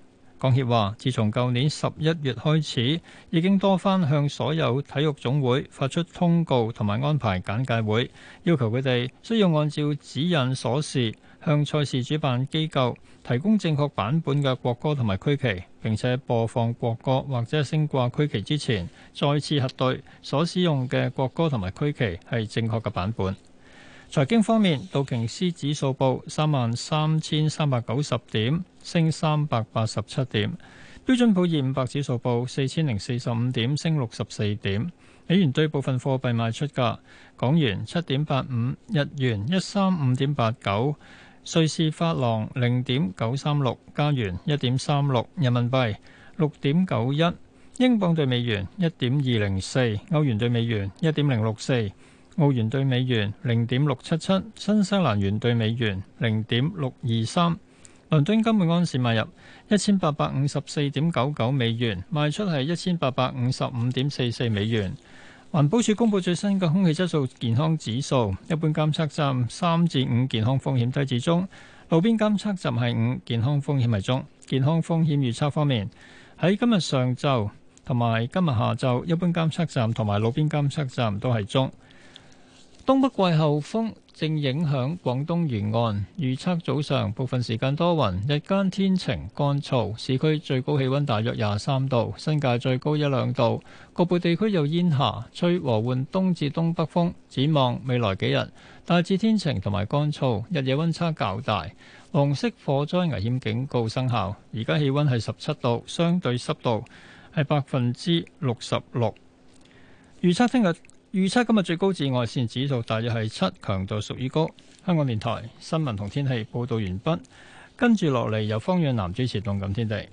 港協話，自從舊年十一月開始，已經多番向所有體育總會發出通告，同埋安排簡介會，要求佢哋需要按照指引所示，向賽事主辦機構提供正確版本嘅國歌同埋區旗。並且播放國歌或者升掛區旗之前，再次核對所使用嘅國歌同埋區旗係正確嘅版本。財經方面，道瓊斯指數報三萬三千三百九十點，升三百八十七點；標準普爾五百指數報四千零四十五點，升六十四點。美元對部分貨幣賣出價：港元七點八五，日元一三五點八九，瑞士法郎零點九三六，加元一點三六，人民幣六點九一，英鎊對美元一點二零四，歐元對美元一點零六四。澳元兌美元零點六七七，新西蘭元兌美元零點六二三。倫敦金每盎司買入一千八百五十四點九九美元，賣出係一千八百五十五點四四美元。環保署公布最新嘅空氣質素健康指數，一般監測站三至五健康風險低至中，路邊監測站係五健康風險係中。健康風險預測方面，喺今日上晝同埋今日下晝，一般監測站同埋路邊監測站都係中。東北季候風正影響廣東沿岸，預測早上部分時間多雲，日間天晴乾燥，市區最高氣溫大約廿三度，新界最高一兩度，局部地區有煙霞，吹和緩東至東北風。展望未來幾日，大致天晴同埋乾燥，日夜溫差較大。黃色火災危險警告生效，而家氣溫係十七度，相對濕度係百分之六十六。預測聽日。預測今日最高紫外線指數大約係七，強度屬於高。香港電台新聞同天氣報道完畢，跟住落嚟由方遠南主持動感天地。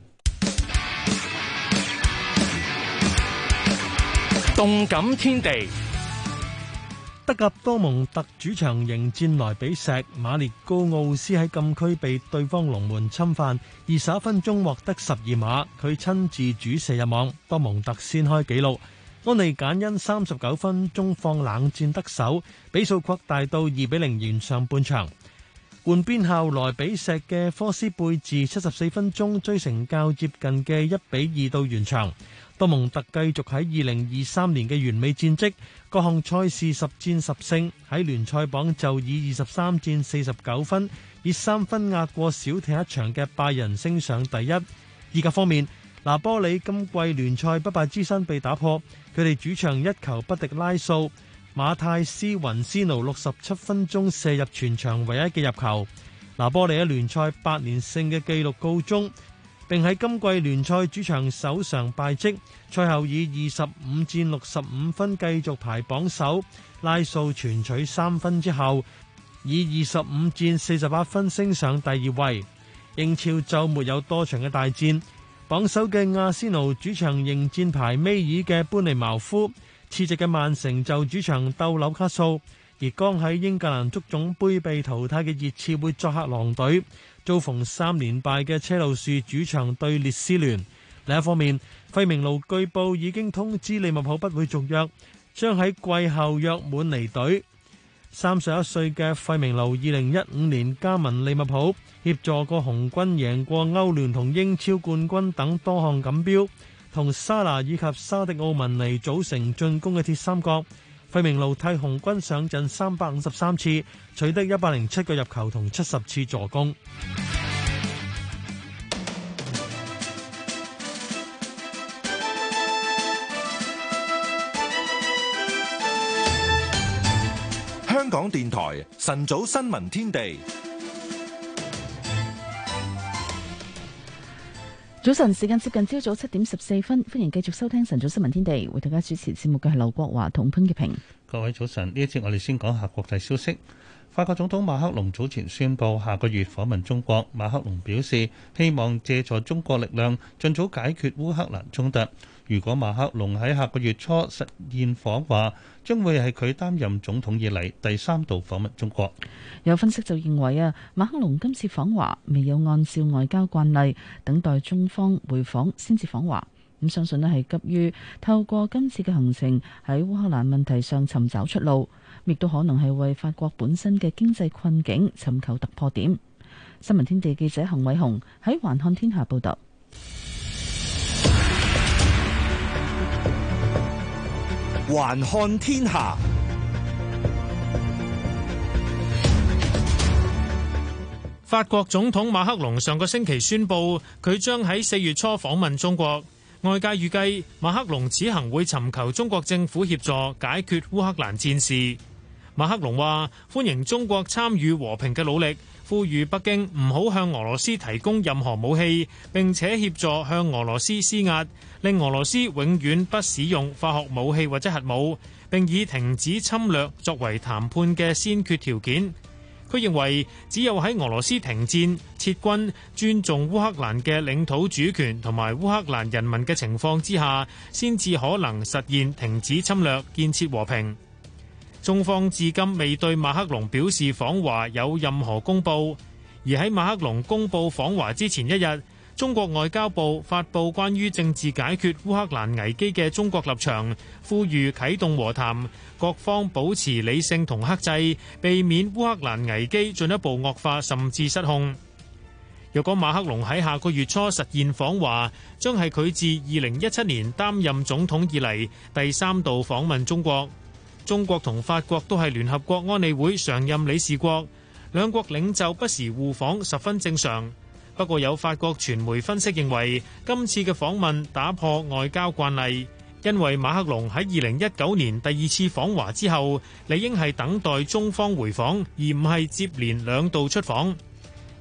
動感天地，德甲多蒙特主場迎戰來比石馬列高奧斯喺禁區被對方龍門侵犯，二十一分鐘獲得十二碼，佢親自主射入網，多蒙特先開紀錄。安利簡恩三十九分鐘放冷箭得手，比數擴大到二比零完上半場。換邊後萊比錫嘅科斯貝治七十四分鐘追成較接近嘅一比二到完場。多蒙特繼續喺二零二三年嘅完美戰績，各項賽事十戰十勝，喺聯賽榜就以二十三戰四十九分，以三分壓過少踢一場嘅拜仁升上第一。意甲方面。拿波里今季聯賽不敗之身被打破，佢哋主場一球不敵拉素。馬泰斯·雲斯奴六十七分鐘射入全場唯一嘅入球。拿波里喺聯賽八連勝嘅紀錄告終，並喺今季聯賽主場首場敗績，賽後以二十五戰六十五分繼續排榜首。拉素全取三分之後，以二十五戰四十八分升上第二位。英超週末有多場嘅大戰。榜首嘅阿仙奴主場迎戰排尾二嘅班尼茅夫，次席嘅曼城就主場鬥紐卡素，而剛喺英格蘭足總杯被淘汰嘅熱刺會作客狼隊，遭逢三連敗嘅車路士主場對列斯聯。另一方面，費明奴據報已經通知利物浦不會續約，將喺季後約滿離隊。三十一歲嘅費明奴二零一五年加盟利物浦。協助過紅軍贏過歐聯同英超冠軍等多項錦標，同沙拿以及沙迪奧文尼組成進攻嘅鐵三角。費明路替紅軍上陣三百五十三次，取得一百零七個入球同七十次助攻。香港電台晨早新聞天地。早晨，時間接近朝早七點十四分，歡迎繼續收聽晨早新聞天地。為大家主持節目嘅係劉國華同潘潔平。各位早晨，呢一節我哋先講下國際消息。法國總統馬克龍早前宣布下個月訪問中國。馬克龍表示希望借助中國力量，盡早解決烏克蘭衝突。如果馬克龍喺下個月初實現訪華，將會係佢擔任總統以嚟第三度訪問中國。有分析就認為啊，馬克龍今次訪華未有按照外交慣例等待中方回訪先至訪華，咁相信呢係急於透過今次嘅行程喺烏克蘭問題上尋找出路，亦都可能係為法國本身嘅經濟困境尋求突破點。新聞天地記者恒偉雄喺環看天下報道。環看天下。法國總統馬克龍上個星期宣布，佢將喺四月初訪問中國。外界預計，馬克龍此行會尋求中國政府協助解決烏克蘭戰事。馬克龍話：歡迎中國參與和平嘅努力，呼籲北京唔好向俄羅斯提供任何武器，並且協助向俄羅斯施壓，令俄羅斯永遠不使用化學武器或者核武，並以停止侵略作為談判嘅先決條件。佢認為只有喺俄羅斯停戰、撤軍、尊重烏克蘭嘅領土主權同埋烏克蘭人民嘅情況之下，先至可能實現停止侵略、建設和平。中方至今未對馬克龍表示訪華有任何公佈，而喺馬克龍公佈訪華之前一日，中國外交部發佈關於政治解決烏克蘭危機嘅中國立場，呼籲啟動和談，各方保持理性同克制，避免烏克蘭危機進一步惡化，甚至失控。若果馬克龍喺下個月初實現訪華，將係佢自二零一七年擔任總統以嚟第三度訪問中國。中國同法國都係聯合國安理會常任理事國，兩國領袖不時互訪十分正常。不過，有法國傳媒分析認為，今次嘅訪問打破外交慣例，因為馬克龍喺二零一九年第二次訪華之後，理應係等待中方回訪，而唔係接連兩度出訪。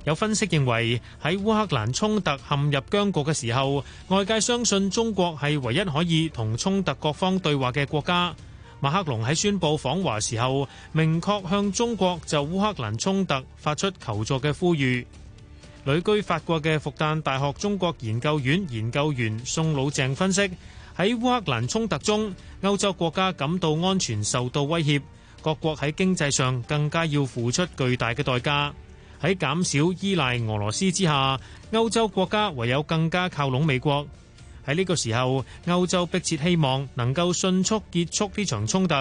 有分析認為，喺烏克蘭衝突陷入僵局嘅時候，外界相信中國係唯一可以同衝突各方對話嘅國家。馬克龍喺宣布訪華時候，明確向中國就烏克蘭衝突發出求助嘅呼籲。旅居法國嘅復旦大學中國研究院研究員宋魯鄭分析：喺烏克蘭衝突中，歐洲國家感到安全受到威脅，各國喺經濟上更加要付出巨大嘅代價。喺減少依賴俄羅斯之下，歐洲國家唯有更加靠攏美國。喺呢個時候，歐洲迫切希望能夠迅速結束呢場衝突。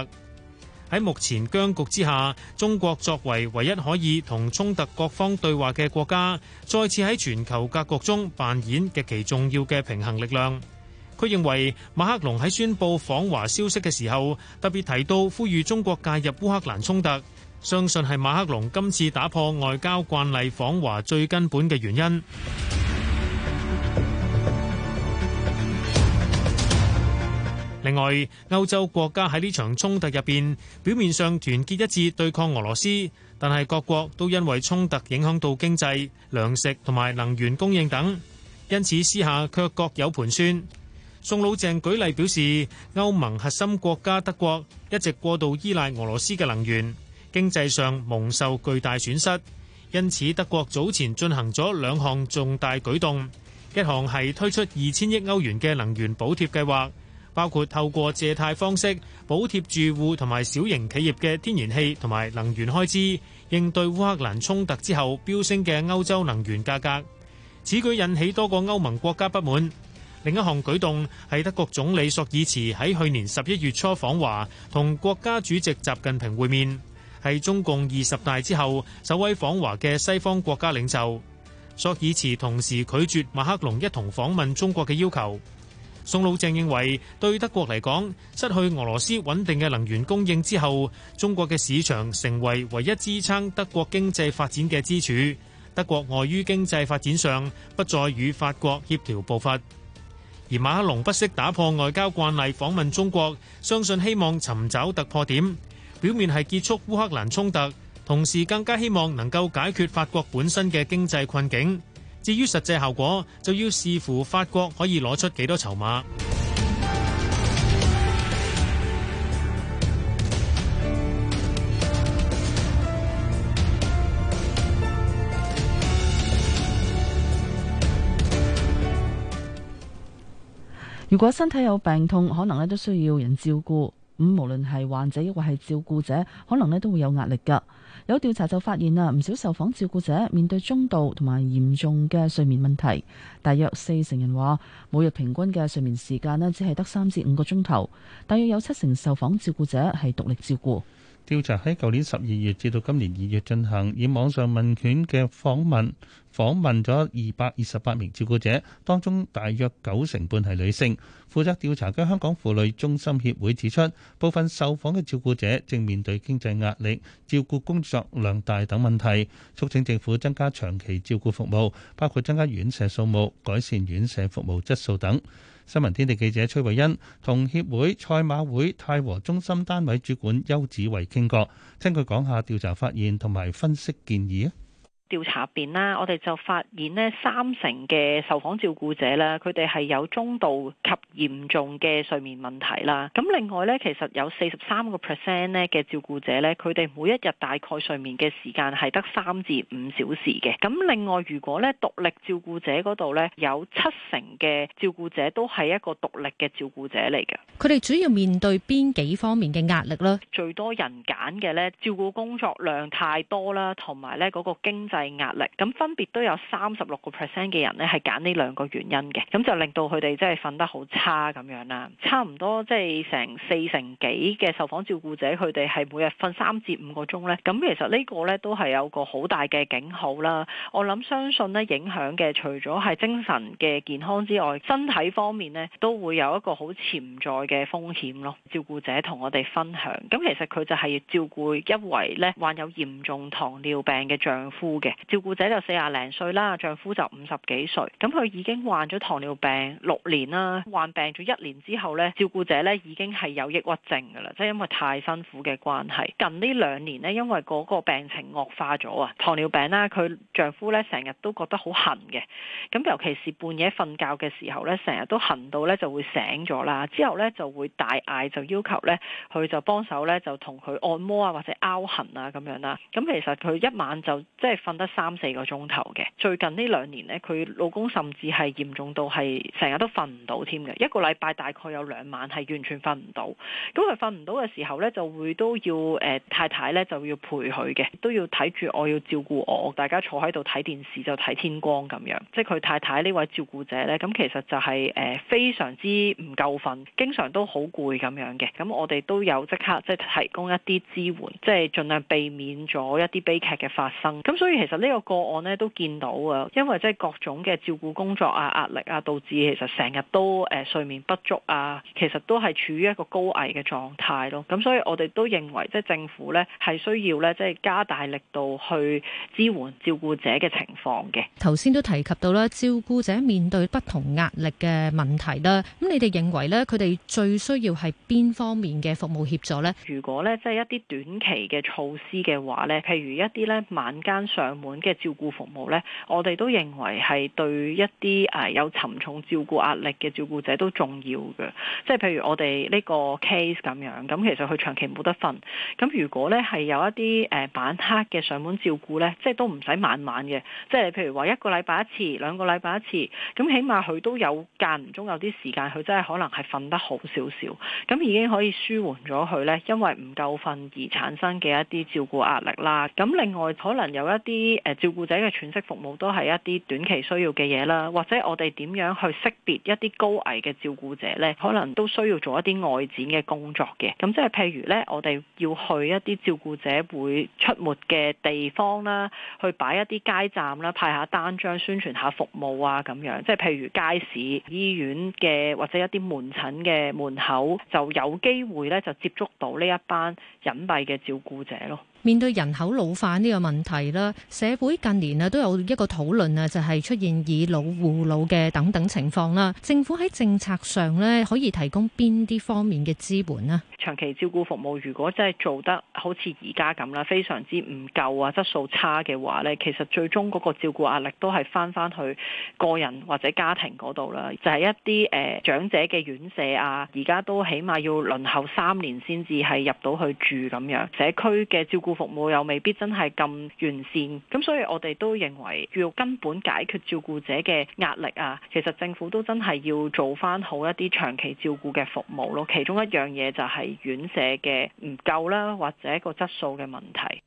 喺目前僵局之下，中國作為唯一可以同衝突各方對話嘅國家，再次喺全球格局中扮演極其重要嘅平衡力量。佢認為馬克龍喺宣布訪華消息嘅時候，特別提到呼籲中國介入烏克蘭衝突，相信係馬克龍今次打破外交慣例訪華最根本嘅原因。另外，歐洲國家喺呢場衝突入邊表面上團結一致對抗俄羅斯，但係各國都因為衝突影響到經濟糧食同埋能源供應等，因此私下卻各有盤算。宋老鄭舉例表示，歐盟核心國家德國一直過度依賴俄羅斯嘅能源，經濟上蒙受巨大損失，因此德國早前進行咗兩項重大舉動，一項係推出二千億歐元嘅能源補貼計劃。包括透過借貸方式補貼住戶同埋小型企業嘅天然氣同埋能源開支，應對烏克蘭衝突之後飆升嘅歐洲能源價格。此舉引起多個歐盟國家不滿。另一項舉動係德國總理索爾茨喺去年十一月初訪華，同國家主席習近平會面，係中共二十大之後首位訪華嘅西方國家領袖。索爾茨同時拒絕馬克龍一同訪問中國嘅要求。宋魯鄭認為，對德國嚟講，失去俄羅斯穩定嘅能源供應之後，中國嘅市場成為唯一支撐德國經濟發展嘅支柱。德國礙於經濟發展上，不再與法國協調步伐。而馬克龍不惜打破外交慣例訪問中國，相信希望尋找突破點。表面係結束烏克蘭衝突，同時更加希望能夠解決法國本身嘅經濟困境。至於實際效果，就要視乎法國可以攞出幾多籌碼。如果身體有病痛，可能咧都需要人照顧。咁無論係患者抑或係照顧者，可能咧都會有壓力㗎。有調查就發現啦，唔少受訪照顧者面對中度同埋嚴重嘅睡眠問題，大約四成人話，每日平均嘅睡眠時間呢，只係得三至五個鐘頭，大約有七成受訪照顧者係獨立照顧。調查喺舊年十二月至到今年二月進行，以網上問卷嘅訪問。訪問咗二百二十八名照顧者，當中大約九成半係女性。負責調查嘅香港婦女中心協會指出，部分受訪嘅照顧者正面對經濟壓力、照顧工作量大等問題，促請政府增加長期照顧服務，包括增加院舍數目、改善院舍服務質素等。新聞天地記者崔慧欣同協會賽馬會泰和中心單位主管邱子維傾過，聽佢講下調查發現同埋分析建議。調查入邊啦，我哋就發現呢三成嘅受訪照顧者咧，佢哋係有中度及嚴重嘅睡眠問題啦。咁另外呢，其實有四十三個 percent 咧嘅照顧者呢，佢哋每一日大概睡眠嘅時間係得三至五小時嘅。咁另外，如果咧獨立照顧者嗰度呢，有七成嘅照顧者都係一個獨立嘅照顧者嚟嘅。佢哋主要面對邊幾方面嘅壓力咧？最多人揀嘅呢照顧工作量太多啦，同埋咧嗰個經濟。大壓力，咁分別都有三十六個 percent 嘅人咧，係揀呢兩個原因嘅，咁就令到佢哋即係瞓得好差咁樣啦。差唔多即係成四成幾嘅受訪照顧者，佢哋係每日瞓三至五個鐘呢。咁其實呢個呢，都係有個好大嘅警號啦。我諗相信呢，影響嘅除咗係精神嘅健康之外，身體方面呢，都會有一個好潛在嘅風險咯。照顧者同我哋分享，咁其實佢就係要照顧一位呢患有嚴重糖尿病嘅丈夫。照顧者就四十零歲啦，丈夫就五十幾歲。咁佢已經患咗糖尿病六年啦，患病咗一年之後呢，照顧者呢已經係有抑鬱症噶啦，即係因為太辛苦嘅關係。近呢兩年呢，因為嗰個病情惡化咗啊，糖尿病啦，佢丈夫呢成日都覺得好痕嘅。咁尤其是半夜瞓覺嘅時候呢，成日都痕到呢就會醒咗啦，之後呢就會大嗌，就要求呢佢就幫手呢，就同佢按摩啊，或者拗痕啊，咁樣啦。咁其實佢一晚就即係瞓得三四個鐘頭嘅，最近呢兩年咧，佢老公甚至係嚴重到係成日都瞓唔到添嘅，一個禮拜大概有兩晚係完全瞓唔到。咁佢瞓唔到嘅時候咧，就會都要誒、呃、太太咧就要陪佢嘅，都要睇住我要照顧我，大家坐喺度睇電視就睇天光咁樣。即係佢太太呢位照顧者咧，咁其實就係、是、誒、呃、非常之唔夠瞓，經常都好攰咁樣嘅。咁我哋都有即刻即係提供一啲支援，即係盡量避免咗一啲悲劇嘅發生。咁所以其實呢個個案呢都見到啊，因為即係各種嘅照顧工作啊、壓力啊，導致其實成日都誒睡眠不足啊，其實都係處於一個高危嘅狀態咯。咁所以我哋都認為，即係政府呢係需要呢，即係加大力度去支援照顧者嘅情況嘅。頭先都提及到啦，照顧者面對不同壓力嘅問題啦。咁你哋認為呢？佢哋最需要係邊方面嘅服務協助呢？如果呢，即係一啲短期嘅措施嘅話呢，譬如一啲呢，晚間上。門嘅照顧服務呢，我哋都認為係對一啲誒有沉重照顧壓力嘅照顧者都重要嘅，即係譬如我哋呢個 case 咁樣，咁其實佢長期冇得瞓，咁如果呢係有一啲誒晚黑嘅上門照顧呢，即係都唔使晚晚嘅，即係譬如話一個禮拜一次、兩個禮拜一次，咁起碼佢都有間唔中有啲時間，佢真係可能係瞓得好少少，咁已經可以舒緩咗佢呢，因為唔夠瞓而產生嘅一啲照顧壓力啦。咁另外可能有一啲。啲誒照顧者嘅喘息服務都係一啲短期需要嘅嘢啦，或者我哋點樣去識別一啲高危嘅照顧者呢？可能都需要做一啲外展嘅工作嘅。咁即係譬如呢，我哋要去一啲照顧者會出沒嘅地方啦，去擺一啲街站啦，派下單張宣傳下服務啊，咁樣。即係譬如街市、醫院嘅或者一啲門診嘅門口就有機會呢，就接觸到呢一班隱蔽嘅照顧者咯。面對人口老化呢個問題啦，社會近年啊都有一個討論啊，就係、是、出現以老護老嘅等等情況啦。政府喺政策上咧，可以提供邊啲方面嘅資本呢？長期照顧服務如果真係做得好似而家咁啦，非常之唔夠啊，質素差嘅話咧，其實最終嗰個照顧壓力都係翻翻去個人或者家庭嗰度啦。就係、是、一啲誒、呃、長者嘅院舍啊，而家都起碼要輪候三年先至係入到去住咁樣，社區嘅照顧。服務又未必真係咁完善，咁所以我哋都認為要根本解決照顧者嘅壓力啊，其實政府都真係要做翻好一啲長期照顧嘅服務咯。其中一樣嘢就係院舍嘅唔夠啦，或者個質素嘅問題。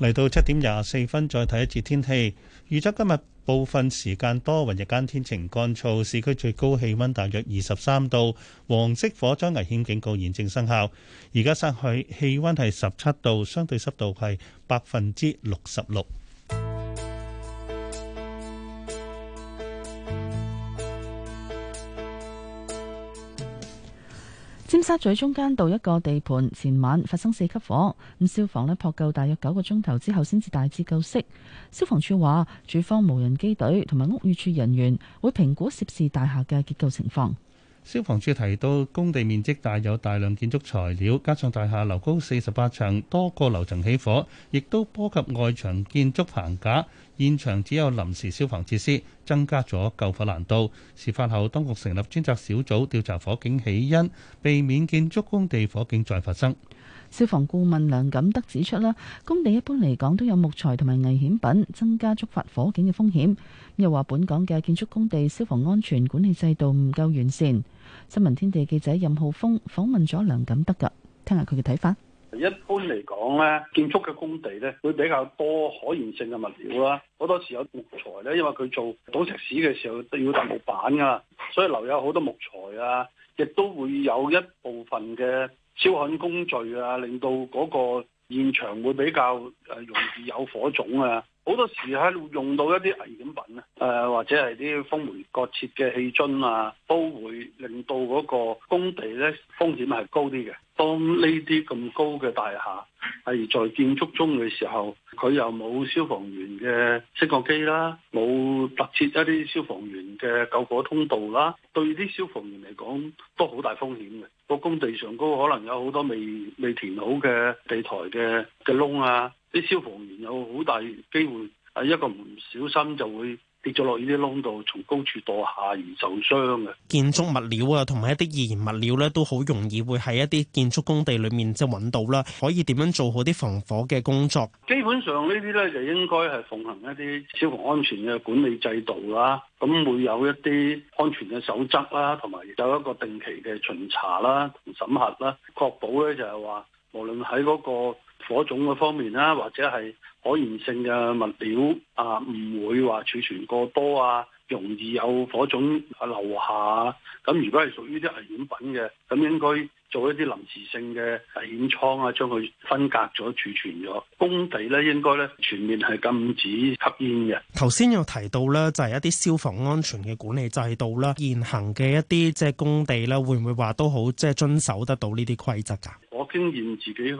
嚟到七點廿四分，再睇一次天氣。預測今日部分時間多雲，日間天晴乾燥，市區最高氣溫大約二十三度。黃色火災危險警告現正生效，而家市區氣溫係十七度，相對濕度係百分之六十六。尖沙咀中間道一個地盤前晚發生四級火，咁消防呢撲救大約九個鐘頭之後先至大致救熄。消防處話，駐方無人機隊同埋屋宇處人員會評估涉事大廈嘅結構情況。消防處提到，工地面積大，有大量建築材料，加上大廈樓高四十八層，多個樓層起火，亦都波及外牆建築棚架，現場只有臨時消防設施，增加咗救火難度。事發後，當局成立專責小組調查火警起因，避免建築工地火警再發生。消防顧問梁錦德指出啦，工地一般嚟講都有木材同埋危險品，增加觸發火警嘅風險。又話本港嘅建築工地消防安全管理制度唔夠完善。新聞天地記者任浩峰訪問咗梁錦德㗎，聽下佢嘅睇法。一般嚟講呢建築嘅工地呢會比較多可燃性嘅物料啦。好多時有木材呢，因為佢做倒石屎嘅時候都要搭木板㗎，所以留有好多木材啊，亦都會有一部分嘅。燒焊工序啊，令到嗰個現場會比較誒容易有火種啊。好多時喺用到一啲危險品啊，誒、呃、或者係啲風門割切嘅氣樽啊，都會令到嗰個工地咧風險係高啲嘅。當呢啲咁高嘅大廈係在建築中嘅時候，佢又冇消防員嘅升降機啦、啊，冇特設一啲消防員嘅救火通道啦、啊，對啲消防員嚟講都好大風險嘅。個工地上高可能有好多未未填好嘅地台嘅嘅窿啊！啲消防員有好大機會係，一個唔小心就會。跌咗落呢啲窿度，從高處墮下而受傷嘅建築物料啊，同埋一啲易燃物料咧，都好容易會喺一啲建築工地裏面即係揾到啦。可以點樣做好啲防火嘅工作？基本上呢啲咧就應該係奉行一啲消防安全嘅管理制度啦。咁會有一啲安全嘅守則啦，同埋有一個定期嘅巡查啦、審核啦，確保咧就係話無論喺嗰個火種嘅方面啦，或者係。可燃性嘅物料啊，唔會話儲存過多啊，容易有火種留下。咁如果係屬於啲危險品嘅，咁應該做一啲臨時性嘅危險倉啊，將佢分隔咗儲存咗。工地咧，應該咧全面係禁止吸煙嘅。頭先有提到咧，就係一啲消防安全嘅管理制度啦，現行嘅一啲即係工地咧，會唔會話都好即係遵守得到呢啲規則噶？經驗自己去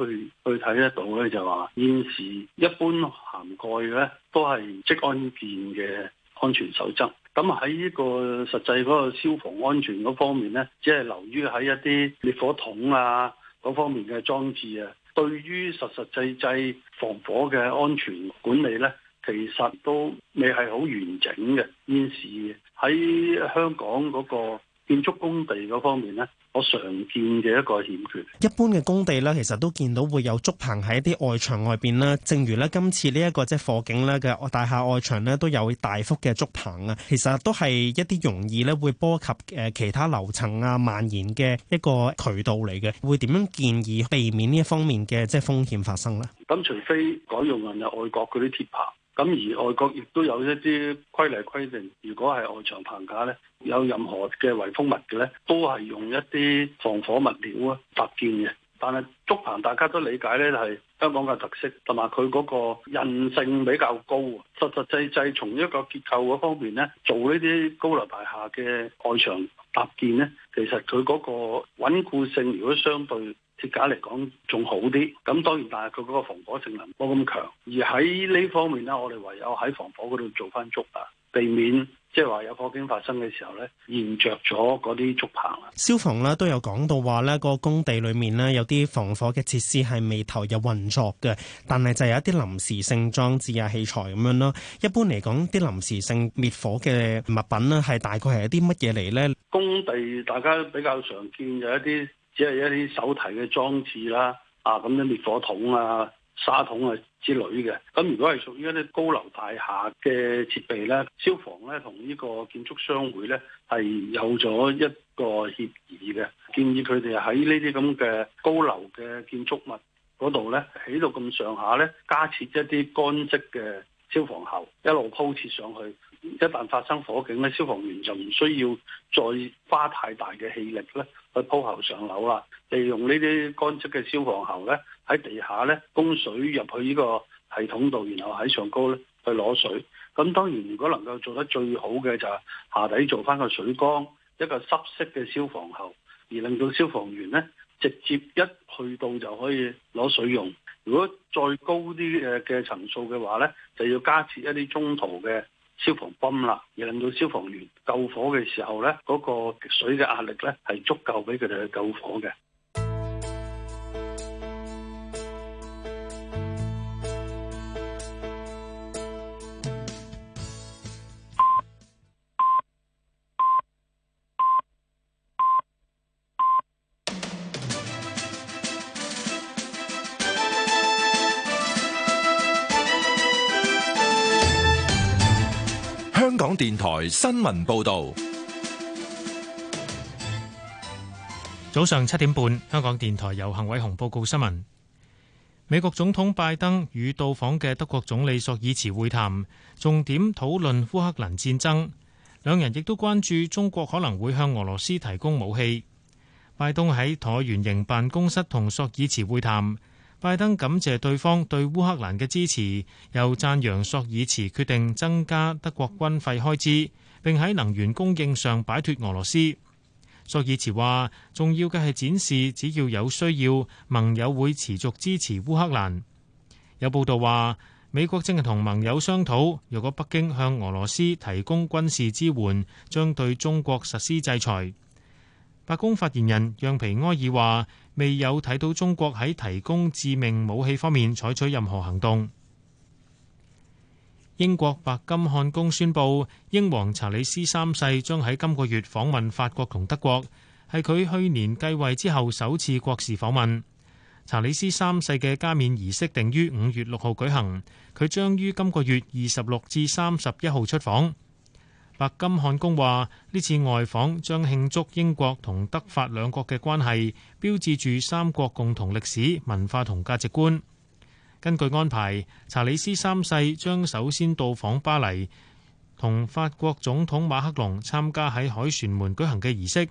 去睇得到咧，就話現時一般涵蓋嘅咧都係職安健嘅安全守則。咁喺呢個實際嗰個消防安全嗰方面咧，即係留於喺一啲滅火筒啊嗰方面嘅裝置啊。對於實實際際防火嘅安全管理咧，其實都未係好完整嘅。現時喺香港嗰個建築工地嗰方面咧。我常見嘅一個欠缺。一般嘅工地咧，其實都見到會有竹棚喺一啲外牆外邊啦。正如咧今次呢一個即係火警咧嘅大廈外牆咧都有大幅嘅竹棚啊，其實都係一啲容易咧會波及誒其他樓層啊蔓延嘅一個渠道嚟嘅。會點樣建議避免呢一方面嘅即係風險發生咧？咁、嗯、除非改用硬嘅外國嗰啲鐵棚。咁而外國亦都有一啲規例規定，如果係外牆棚架呢，有任何嘅圍封物嘅呢，都係用一啲防火物料啊搭建嘅。但係竹棚，大家都理解呢，係。香港嘅特色同埋佢嗰個韌性比較高，實實際際從一個結構嗰方面咧，做呢啲高樓大廈嘅外牆搭建咧，其實佢嗰個穩固性如果相對鐵架嚟講仲好啲。咁當然，但係佢嗰個防火性能冇咁強。而喺呢方面咧，我哋唯有喺防火嗰度做翻足啊，避免。即係話有火警發生嘅時候咧，燃着咗嗰啲竹棚啦。消防咧都有講到話咧，個工地裡面咧有啲防火嘅設施係未投入運作嘅，但係就有一啲臨時性裝置啊器材咁樣咯。一般嚟講，啲臨時性滅火嘅物品呢，係大概係一啲乜嘢嚟咧？工地大家比較常見嘅一啲只係一啲手提嘅裝置啦，啊咁樣滅火筒啊。沙桶啊之類嘅，咁如果係屬於一啲高樓大廈嘅設備呢，消防呢，同呢個建築商會呢，係有咗一個協議嘅，建議佢哋喺呢啲咁嘅高樓嘅建築物嗰度呢，起到咁上下呢，加設一啲乾式嘅消防喉，一路鋪設上去。一旦發生火警咧，消防員就唔需要再花太大嘅氣力咧，去鋪喉上樓啦。利用呢啲乾式嘅消防喉咧，喺地下咧供水入去呢個系統度，然後喺上高咧去攞水。咁當然，如果能夠做得最好嘅就係下底做翻個水缸，一個濕式嘅消防喉，而令到消防員咧直接一去到就可以攞水用。如果再高啲嘅嘅層數嘅話咧，就要加設一啲中途嘅。消防泵啦，而令到消防員救火嘅時候咧，嗰個水嘅壓力咧係足夠俾佢哋去救火嘅。電台新聞報道，早上七點半，香港電台由幸偉雄報告新聞。美國總統拜登與到訪嘅德國總理索爾茨會談，重點討論烏克蘭戰爭。兩人亦都關注中國可能會向俄羅斯提供武器。拜登喺橢圓形辦公室同索爾茨會談。拜登感謝對方對烏克蘭嘅支持，又讚揚索爾茨決定增加德國軍費開支，並喺能源供應上擺脱俄羅斯。索爾茨話：重要嘅係展示，只要有需要，盟友會持續支持烏克蘭。有報道話，美國正係同盟友商討，若果北京向俄羅斯提供軍事支援，將對中國實施制裁。白宮發言人讓皮埃爾話。未有睇到中國喺提供致命武器方面採取任何行動。英國白金漢宮宣布，英皇查理斯三世將喺今個月訪問法國同德國，係佢去年繼位之後首次國事訪問。查理斯三世嘅加冕儀式定於五月六號舉行，佢將於今個月二十六至三十一號出訪。白金漢宮話：呢次外訪將慶祝英國同德法兩國嘅關係，標誌住三國共同歷史、文化同價值觀。根據安排，查理斯三世將首先到訪巴黎，同法國總統馬克龍參加喺凱旋門舉行嘅儀式。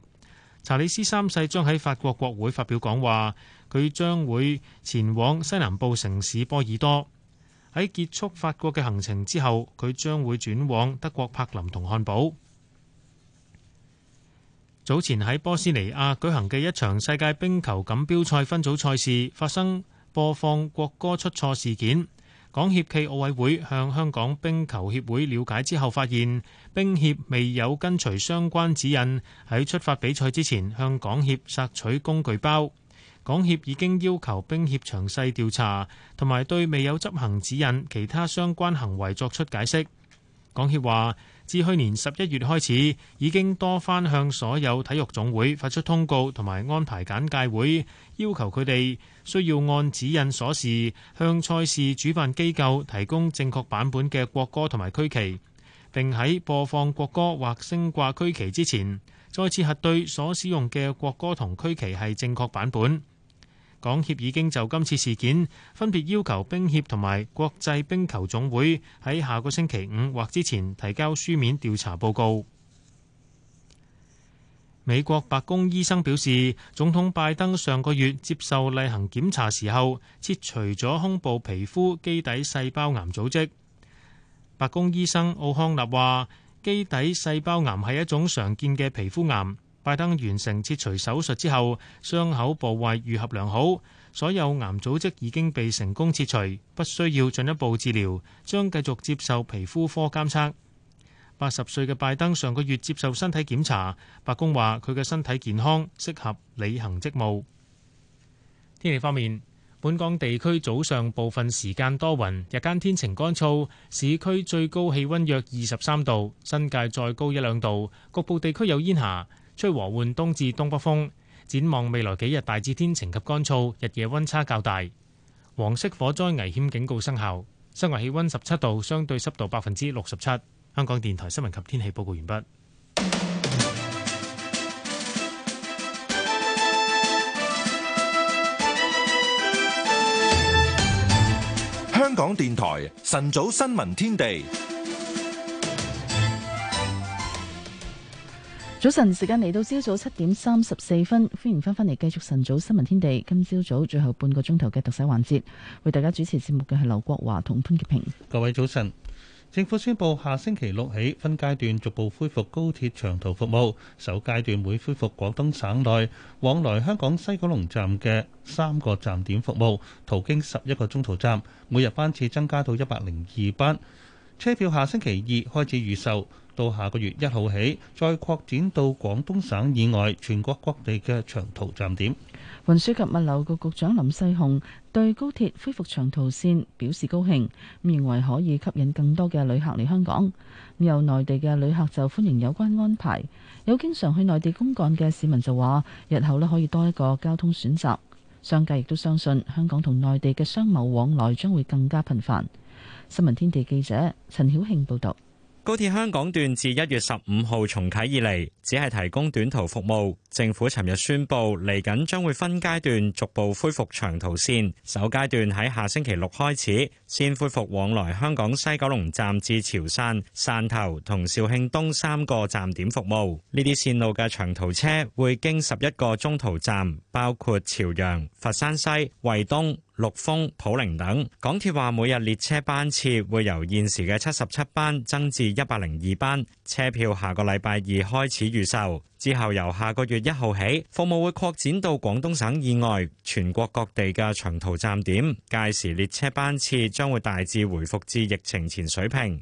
查理斯三世將喺法國國會發表講話，佢將會前往西南部城市波爾多。喺結束法國嘅行程之後，佢將會轉往德國柏林同漢堡。早前喺波斯尼亞舉行嘅一場世界冰球錦標賽分組賽事，發生播放國歌出錯事件，港協暨奧委會向香港冰球協會了解之後發現，冰協未有跟隨相關指引，喺出發比賽之前向港協索取工具包。港協已經要求冰協詳細調查，同埋對未有執行指引其他相關行為作出解釋。港協話，自去年十一月開始已經多番向所有體育總會發出通告，同埋安排簡介會，要求佢哋需要按指引所示向賽事主辦機構提供正確版本嘅國歌同埋區旗，並喺播放國歌或升掛區旗之前再次核對所使用嘅國歌同區旗係正確版本。港協已經就今次事件分別要求冰協同埋國際冰球總會喺下個星期五或之前提交書面調查報告。美國白宮醫生表示，總統拜登上個月接受例行檢查時候，切除咗胸部皮膚基底細胞癌組織。白宮醫生奧康納話：基底細胞癌係一種常見嘅皮膚癌。拜登完成切除手術之後，傷口部位愈合良好，所有癌組織已經被成功切除，不需要進一步治療，將繼續接受皮膚科監測。八十歲嘅拜登上個月接受身體檢查，白宮話佢嘅身體健康，適合履行職務。天氣方面，本港地區早上部分時間多雲，日間天晴乾燥，市區最高氣溫約二十三度，新界再高一兩度，局部地區有煙霞。吹和緩東至東北風，展望未來幾日大致天晴及乾燥，日夜溫差較大。黃色火災危險警告生效，室外氣溫十七度，相對濕度百分之六十七。香港電台新聞及天氣報告完畢。香港電台晨早新聞天地。早晨，時間嚟到朝早七點三十四分，歡迎翻返嚟繼續晨早新聞天地。今朝早最後半個鐘頭嘅讀紙環節，為大家主持節目嘅係劉國華同潘潔平。各位早晨，政府宣布下星期六起分階段逐步恢復高鐵長途服務，首階段會恢復廣東省內往來香港西九龍站嘅三個站點服務，途經十一個中途站，每日班次增加到一百零二班。車票下星期二開始預售，到下個月一號起，再擴展到廣東省以外全國各地嘅長途站點。運輸及物流局局長林世雄對高鐵恢復長途綫表示高興，咁認為可以吸引更多嘅旅客嚟香港。咁有內地嘅旅客就歡迎有關安排，有經常去內地公幹嘅市民就話，日後呢可以多一個交通選擇。商界亦都相信，香港同內地嘅商貿往來將會更加頻繁。新聞天地記者陳曉慶報道：高鐵香港段自一月十五號重啟以嚟，只係提供短途服務。政府尋日宣布，嚟緊將會分階段逐步恢復長途線。首階段喺下星期六開始，先恢復往來香港西九龍站至潮汕、汕頭同肇慶東三個站點服務。呢啲線路嘅長途車會經十一個中途站，包括潮陽、佛山西、惠東、陸豐、普寧等。港鐵話，每日列車班次會由現時嘅七十七班增至一百零二班，車票下個禮拜二開始預售。之後，由下個月一號起，服務會擴展到廣東省以外全國各地嘅長途站點，屆時列車班次將會大致回復至疫情前水平。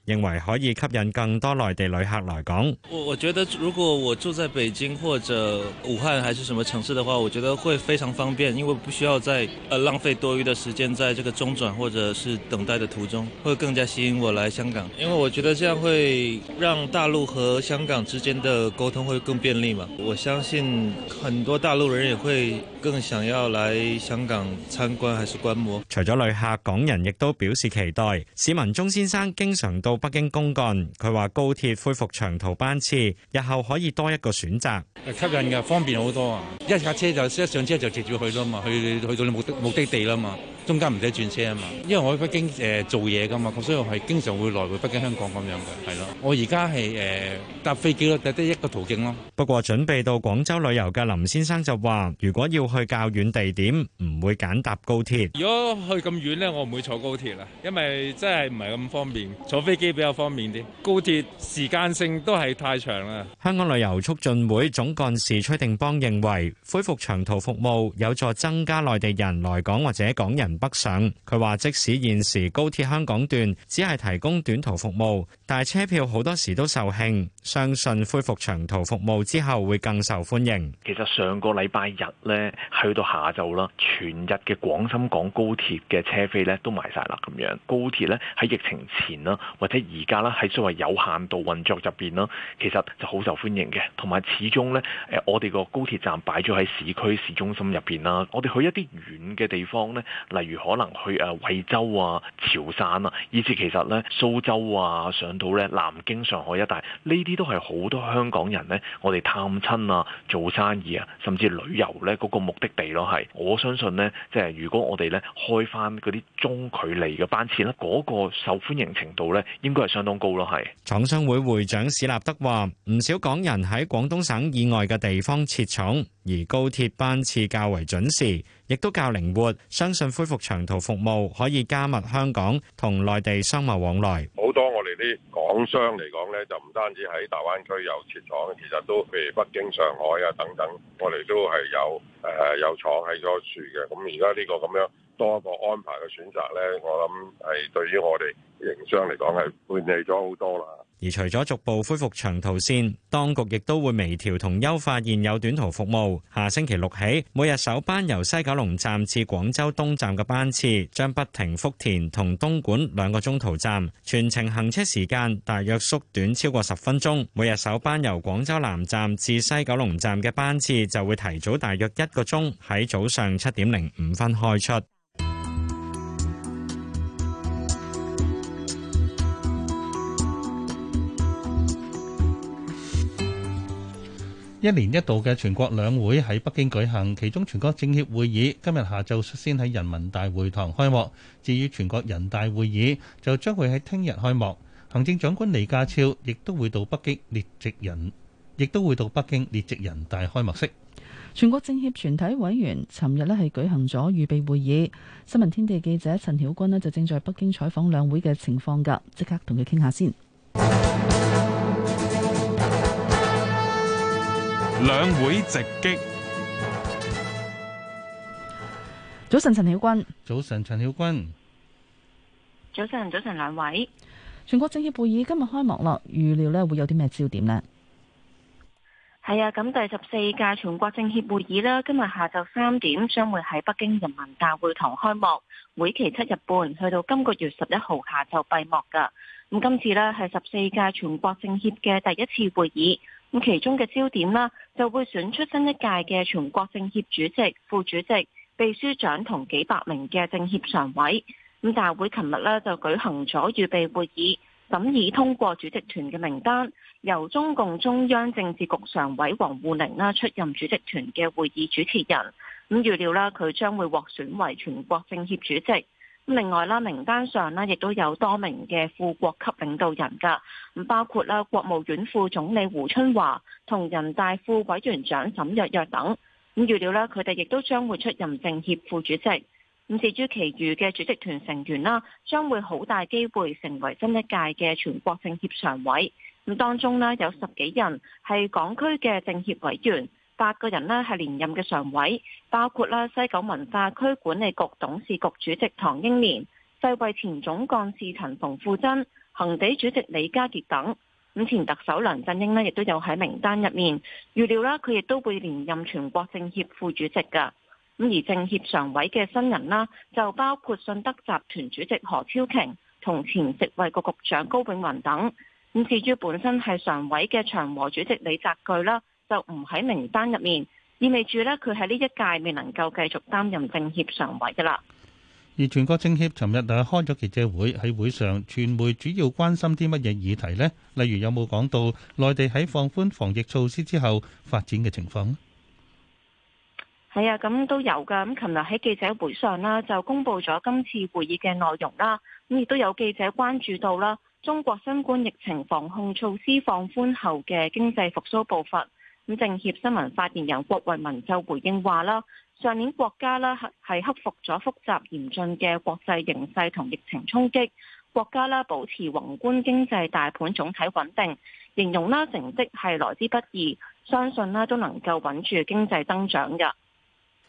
認為可以吸引更多內地旅客來港。我我覺得如果我住在北京或者武漢還是什麼城市的話，我覺得會非常方便，因為不需要再呃浪費多餘的時間在這個中轉或者是等待的途中，會更加吸引我來香港。因為我覺得這樣會讓大陸和香港之間的溝通會更便利嘛。我相信很多大陸人也會更想要來香港參觀還是觀摩。除咗旅客，港人亦都表示期待。市民鍾先生經常到。北京公幹，佢話高鐵恢復長途班次，日後可以多一個選擇，吸引嘅方便好多啊！一架車就一上車就直接去啦嘛，去去到你目的目的地啦嘛，中間唔使轉車啊嘛。因為我喺北京誒、呃、做嘢噶嘛，咁所以我係經常會來回北京香港咁樣嘅，係咯。我而家係誒搭飛機咯，得一個途徑咯。不過準備到廣州旅遊嘅林先生就話，如果要去較遠地點，唔會揀搭高鐵，如果去咁遠咧，我唔會坐高鐵啦，因為真係唔係咁方便，坐飛機。比較方便啲，高鐵時間性都係太長啦。香港旅遊促進會總幹事崔定邦認為，恢復長途服務有助增加內地人來港或者港人北上。佢話：即使現時高鐵香港段只係提供短途服務，但係車票好多時都售罄，相信恢復長途服務之後會更受歡迎。其實上個禮拜日呢，去到下晝啦，全日嘅廣深港高鐵嘅車飛呢都賣晒啦，咁樣高鐵呢喺疫情前啦，或即而家咧係所謂有限度運作入邊啦，其實就好受歡迎嘅。同埋始終呢，誒我哋個高鐵站擺咗喺市區市中心入邊啦。我哋去一啲遠嘅地方呢，例如可能去誒惠州啊、潮汕啊，以至其實呢，蘇州啊，上到呢、南京、上海一帶，呢啲都係好多香港人呢。我哋探親啊、做生意啊，甚至旅遊呢嗰、嗰個目的地咯。係我相信呢，即係如果我哋呢開翻嗰啲中距離嘅班次咧，嗰、嗰個受歡迎程度呢。應該係相當高咯，係。廠商會會長史立德話：唔少港人喺廣東省以外嘅地方設廠，而高鐵班次較為準時，亦都較靈活。相信恢復長途服務可以加密香港同內地商貿往來。好多我哋啲港商嚟講呢，就唔單止喺大灣區有設廠，其實都譬如北京、上海啊等等，我哋都係有。誒有廠喺嗰處嘅，咁而家呢個咁樣多一個安排嘅選擇咧，我諗係對於我哋營商嚟講係便利咗好多啦。而除咗逐步恢復長途線，當局亦都會微調同優化現有短途服務。下星期六起，每日首班由西九龍站至廣州東站嘅班次，將不停福田同東莞兩個中途站，全程行車時間大約縮短超過十分鐘。每日首班由廣州南站至西九龍站嘅班次，就會提早大約一個鐘喺早上七點零五分開出。一年一度嘅全國兩會喺北京舉行，其中全國政協會議今日下晝率先喺人民大會堂開幕。至於全國人大會議就將會喺聽日開幕。行政長官李家超亦都會到北京列席人，亦都會到北京列席人大開幕式。全國政協全體委員尋日呢係舉行咗預備會議。新聞天地記者陳曉君呢就正在北京採訪兩會嘅情況噶，即刻同佢傾下先。兩會直擊。早晨，陳曉君。早晨，陳曉君。早晨，早晨，兩位。全國政協會議今日開幕啦，預料呢會有啲咩焦點呢？係啊，咁第十四屆全國政協會議呢，今日下晝三點將會喺北京人民大會堂開幕，會期七日半，去到今個月十一號下晝閉幕噶。咁今次呢，係十四屆全國政協嘅第一次會議，咁其中嘅焦點啦，就會選出新一屆嘅全國政協主席、副主席、秘書長同幾百名嘅政協常委。咁大會琴日呢，就舉行咗預備會議。審議通過主席團嘅名單，由中共中央政治局常委王滬寧啦出任主席團嘅會議主持人。咁預料啦，佢將會獲選為全國政協主席。咁另外啦，名單上啦亦都有多名嘅副國級領導人噶，咁包括啦國務院副總理胡春華同人大副委員長沈躍躍等。咁預料啦，佢哋亦都將會出任政協副主席。五至於其餘嘅主席團成員啦，將會好大機會成為新一屆嘅全國政協常委。咁當中咧有十幾人係港區嘅政協委員，八個人咧係連任嘅常委，包括啦西九文化區管理局董事局主席唐英年、世衛前總幹事陳馮富珍、恆地主席李家傑等。咁前特首梁振英呢，亦都有喺名單入面，預料啦，佢亦都會連任全國政協副主席噶。咁而政協常委嘅新人啦，就包括信德集團主席何超瓊同前食衛局局長高永文等。咁至於本身係常委嘅長和主席李澤钜啦，就唔喺名單入面，意味住咧佢喺呢一屆未能夠繼續擔任政協常委噶啦。而全國政協尋日啊開咗記者會，喺會上傳媒主要關心啲乜嘢議題咧？例如有冇講到內地喺放寬防疫措施之後發展嘅情況？係啊，咁都有噶。咁琴日喺記者會上啦，就公布咗今次會議嘅內容啦。咁亦都有記者關注到啦，中國新冠疫情防控措施放寬後嘅經濟復蘇步伐。咁政協新聞發言人郭衛民就回應話啦：上年國家啦係克服咗複雜嚴峻嘅國際形勢同疫情衝擊，國家啦保持宏觀經濟大盤總體穩定，形容啦成績係來之不易，相信啦都能夠穩住經濟增長嘅。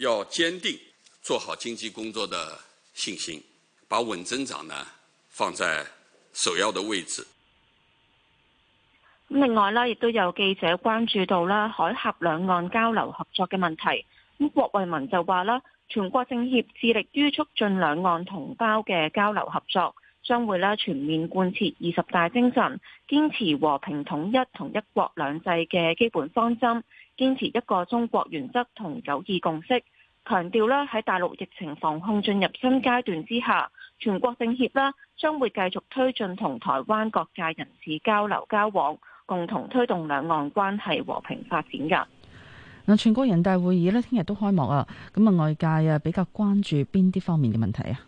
要堅定做好經濟工作的信心，把穩增長呢放在首要的位置。另外啦，亦都有記者關注到啦，海峽兩岸交流合作嘅問題。咁郭衛民就話啦，全國政協致力於促進兩岸同胞嘅交流合作，將會啦全面貫徹二十大精神，堅持和平統一同一國兩制嘅基本方針。堅持一個中國原則同九二共識，強調咧喺大陸疫情防控進入新階段之下，全國政協咧將會繼續推進同台灣各界人士交流交往，共同推動兩岸關係和平發展噶。嗱，全國人大會議咧聽日都開幕啊，咁啊外界啊比較關注邊啲方面嘅問題啊？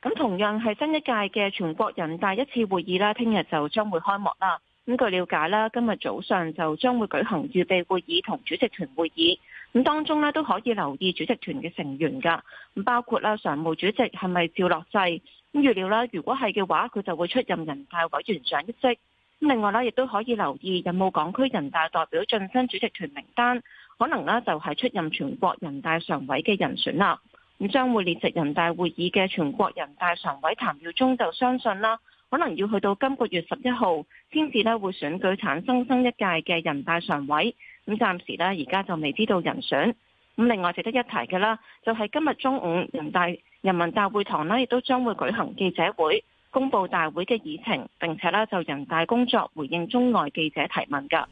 咁同樣係新一屆嘅全國人大一次會議咧，聽日就將會開幕啦。咁據了解啦，今日早上就將會舉行預備會議同主席團會議，咁當中咧都可以留意主席團嘅成員噶，咁包括啦常務主席係咪趙樂際？咁預料啦，如果係嘅話，佢就會出任人大委員長一職。另外咧，亦都可以留意有冇港區人大代表晉身主席團名單，可能呢就係出任全國人大常委嘅人選啦。咁將會列席人大會議嘅全國人大常委譚耀宗就相信啦。可能要去到今個月十一號，先至咧會選舉產生新一屆嘅人大常委。咁暫時咧，而家就未知道人選。咁另外值得一提嘅啦，就係今日中午人大人民大會堂呢亦都將會舉行記者會，公布大會嘅議程，並且呢就人大工作回應中外記者提問噶。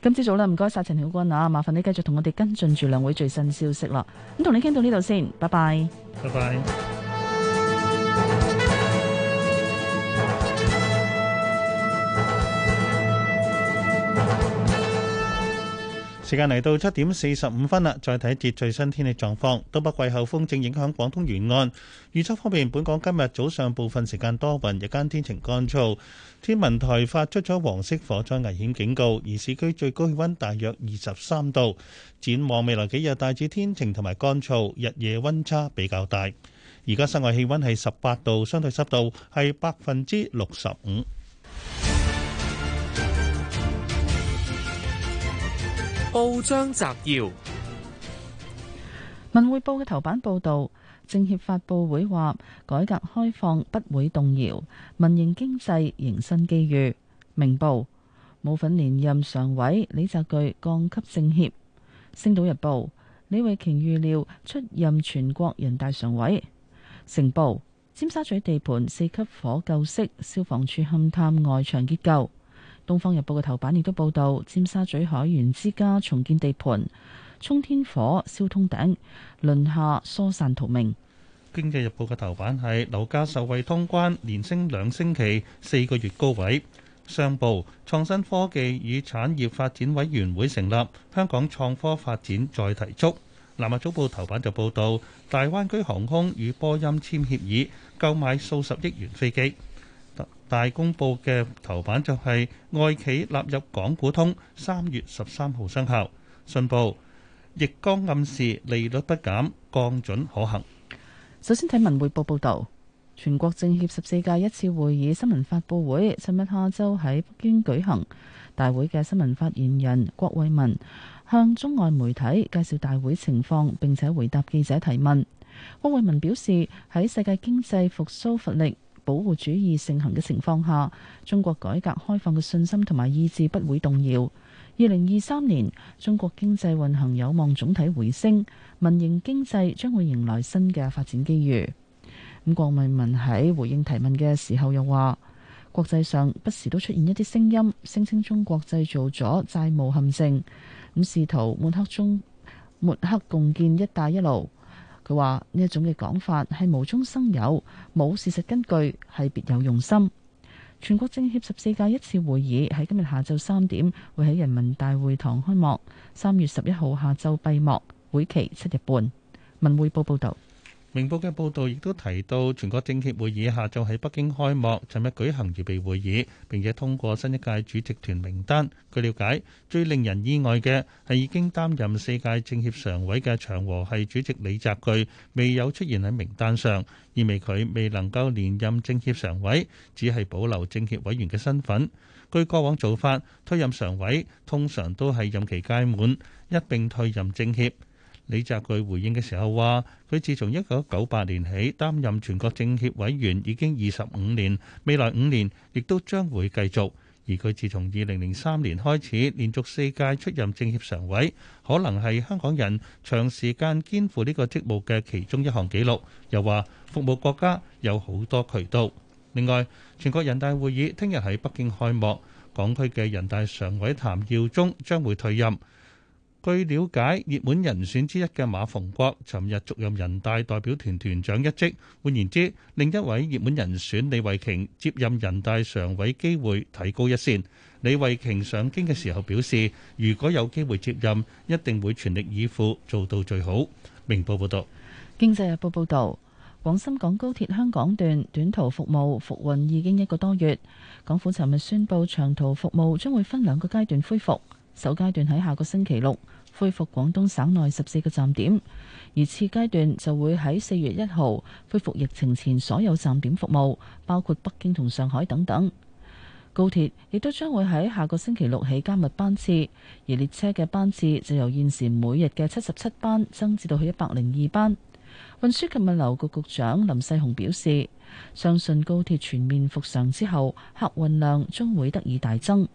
今朝早啦，唔該晒陳曉君啊，麻煩你繼續同我哋跟進住兩會最新消息啦。咁同你傾到呢度先，拜拜。拜拜。時間嚟到七點四十五分啦，再睇一節最新天氣狀況。東北季候風正影響廣東沿岸。預測方面，本港今日早上部分時間多雲，日間天晴乾燥。天文台發出咗黃色火災危險警告，而市區最高氣温大約二十三度。展望未來幾日，大致天晴同埋乾燥，日夜温差比較大。而家室外氣温係十八度，相對濕度係百分之六十五。報章摘要：《文匯報》嘅頭版報道，政協發佈會話改革開放不會動搖，民營經濟迎新機遇。《明報》冇份連任常委李澤钜降級政協《星島日報》李慧瓊預料出任全國人大常委。《成報》尖沙咀地盤四級火救熄，消防處勘探外牆結構。《東方日報》嘅頭版亦都報道，尖沙咀海員之家重建地盤，沖天火燒通頂，輪下疏散逃命。《經濟日報》嘅頭版係樓價受惠通關，連升兩星期，四個月高位。《商報》創新科技與產業發展委員會成立，香港創科發展再提速。《南亞早報》頭版就報道，大灣區航空與波音簽協議，購買數十億元飛機。大公報嘅頭版就係外企納入港股通，三月十三號生效。信報亦剛暗示利率不減，降準可行。首先睇文匯報報導，全國政協十四屆一次會議新聞發佈會，尋日下晝喺北京舉行。大會嘅新聞發言人郭慧文向中外媒體介紹大會情況，並且回答記者提問。郭慧文表示，喺世界經濟復甦乏力，保護主義盛行嘅情況下，中國改革開放嘅信心同埋意志不會動搖。二零二三年，中國經濟運行有望總體回升，民營經濟將會迎來新嘅發展機遇。咁郭萬民喺回應提問嘅時候又話：國際上不時都出現一啲聲音，聲稱中國製造咗債務陷阱，咁試圖抹黑中抹黑共建一帶一路。佢話呢一種嘅講法係無中生有，冇事實根據，係別有用心。全國政協十四屆一次會議喺今日下晝三點會喺人民大會堂開幕，三月十一號下晝閉幕，會期七日半。文匯報報道。明報嘅報導亦都提到，全國政協會議下晝喺北京開幕，尋日舉行預備會議，並且通過新一屆主席團名單。據了解，最令人意外嘅係已經擔任四屆政協常委嘅長和系主席李澤鉅，未有出現喺名單上，意味佢未能夠連任政協常委，只係保留政協委員嘅身份。據過往做法，退任常委通常都係任期屆滿一並退任政協。李澤钜回應嘅時候話，佢自從一九九八年起擔任全國政協委員已經二十五年，未來五年亦都將會繼續。而佢自從二零零三年開始，連續四屆出任政協常委，可能係香港人長時間肩負呢個職務嘅其中一項紀錄。又話服務國家有好多渠道。另外，全國人大會議聽日喺北京開幕，港區嘅人大常委譚耀宗將會退任。據了解，熱門人選之一嘅馬逢國，尋日續任人大代表團團長一職。換言之，另一位熱門人選李慧瓊接任人大常委機會提高一線。李慧瓊上京嘅時候表示，如果有機會接任，一定會全力以赴做到最好。明報報道，經濟日報報道，廣深港高鐵香港段短途服務復運已經一個多月。港府尋日宣布，長途服務將會分兩個階段恢復，首階段喺下個星期六。恢復廣東省內十四個站點，而次階段就會喺四月一號恢復疫情前所有站點服務，包括北京同上海等等。高鐵亦都將會喺下個星期六起加密班次，而列車嘅班次就由現時每日嘅七十七班增至到去一百零二班。運輸及物流局局長林世雄表示，相信高鐵全面復常之後，客運量將會得以大增。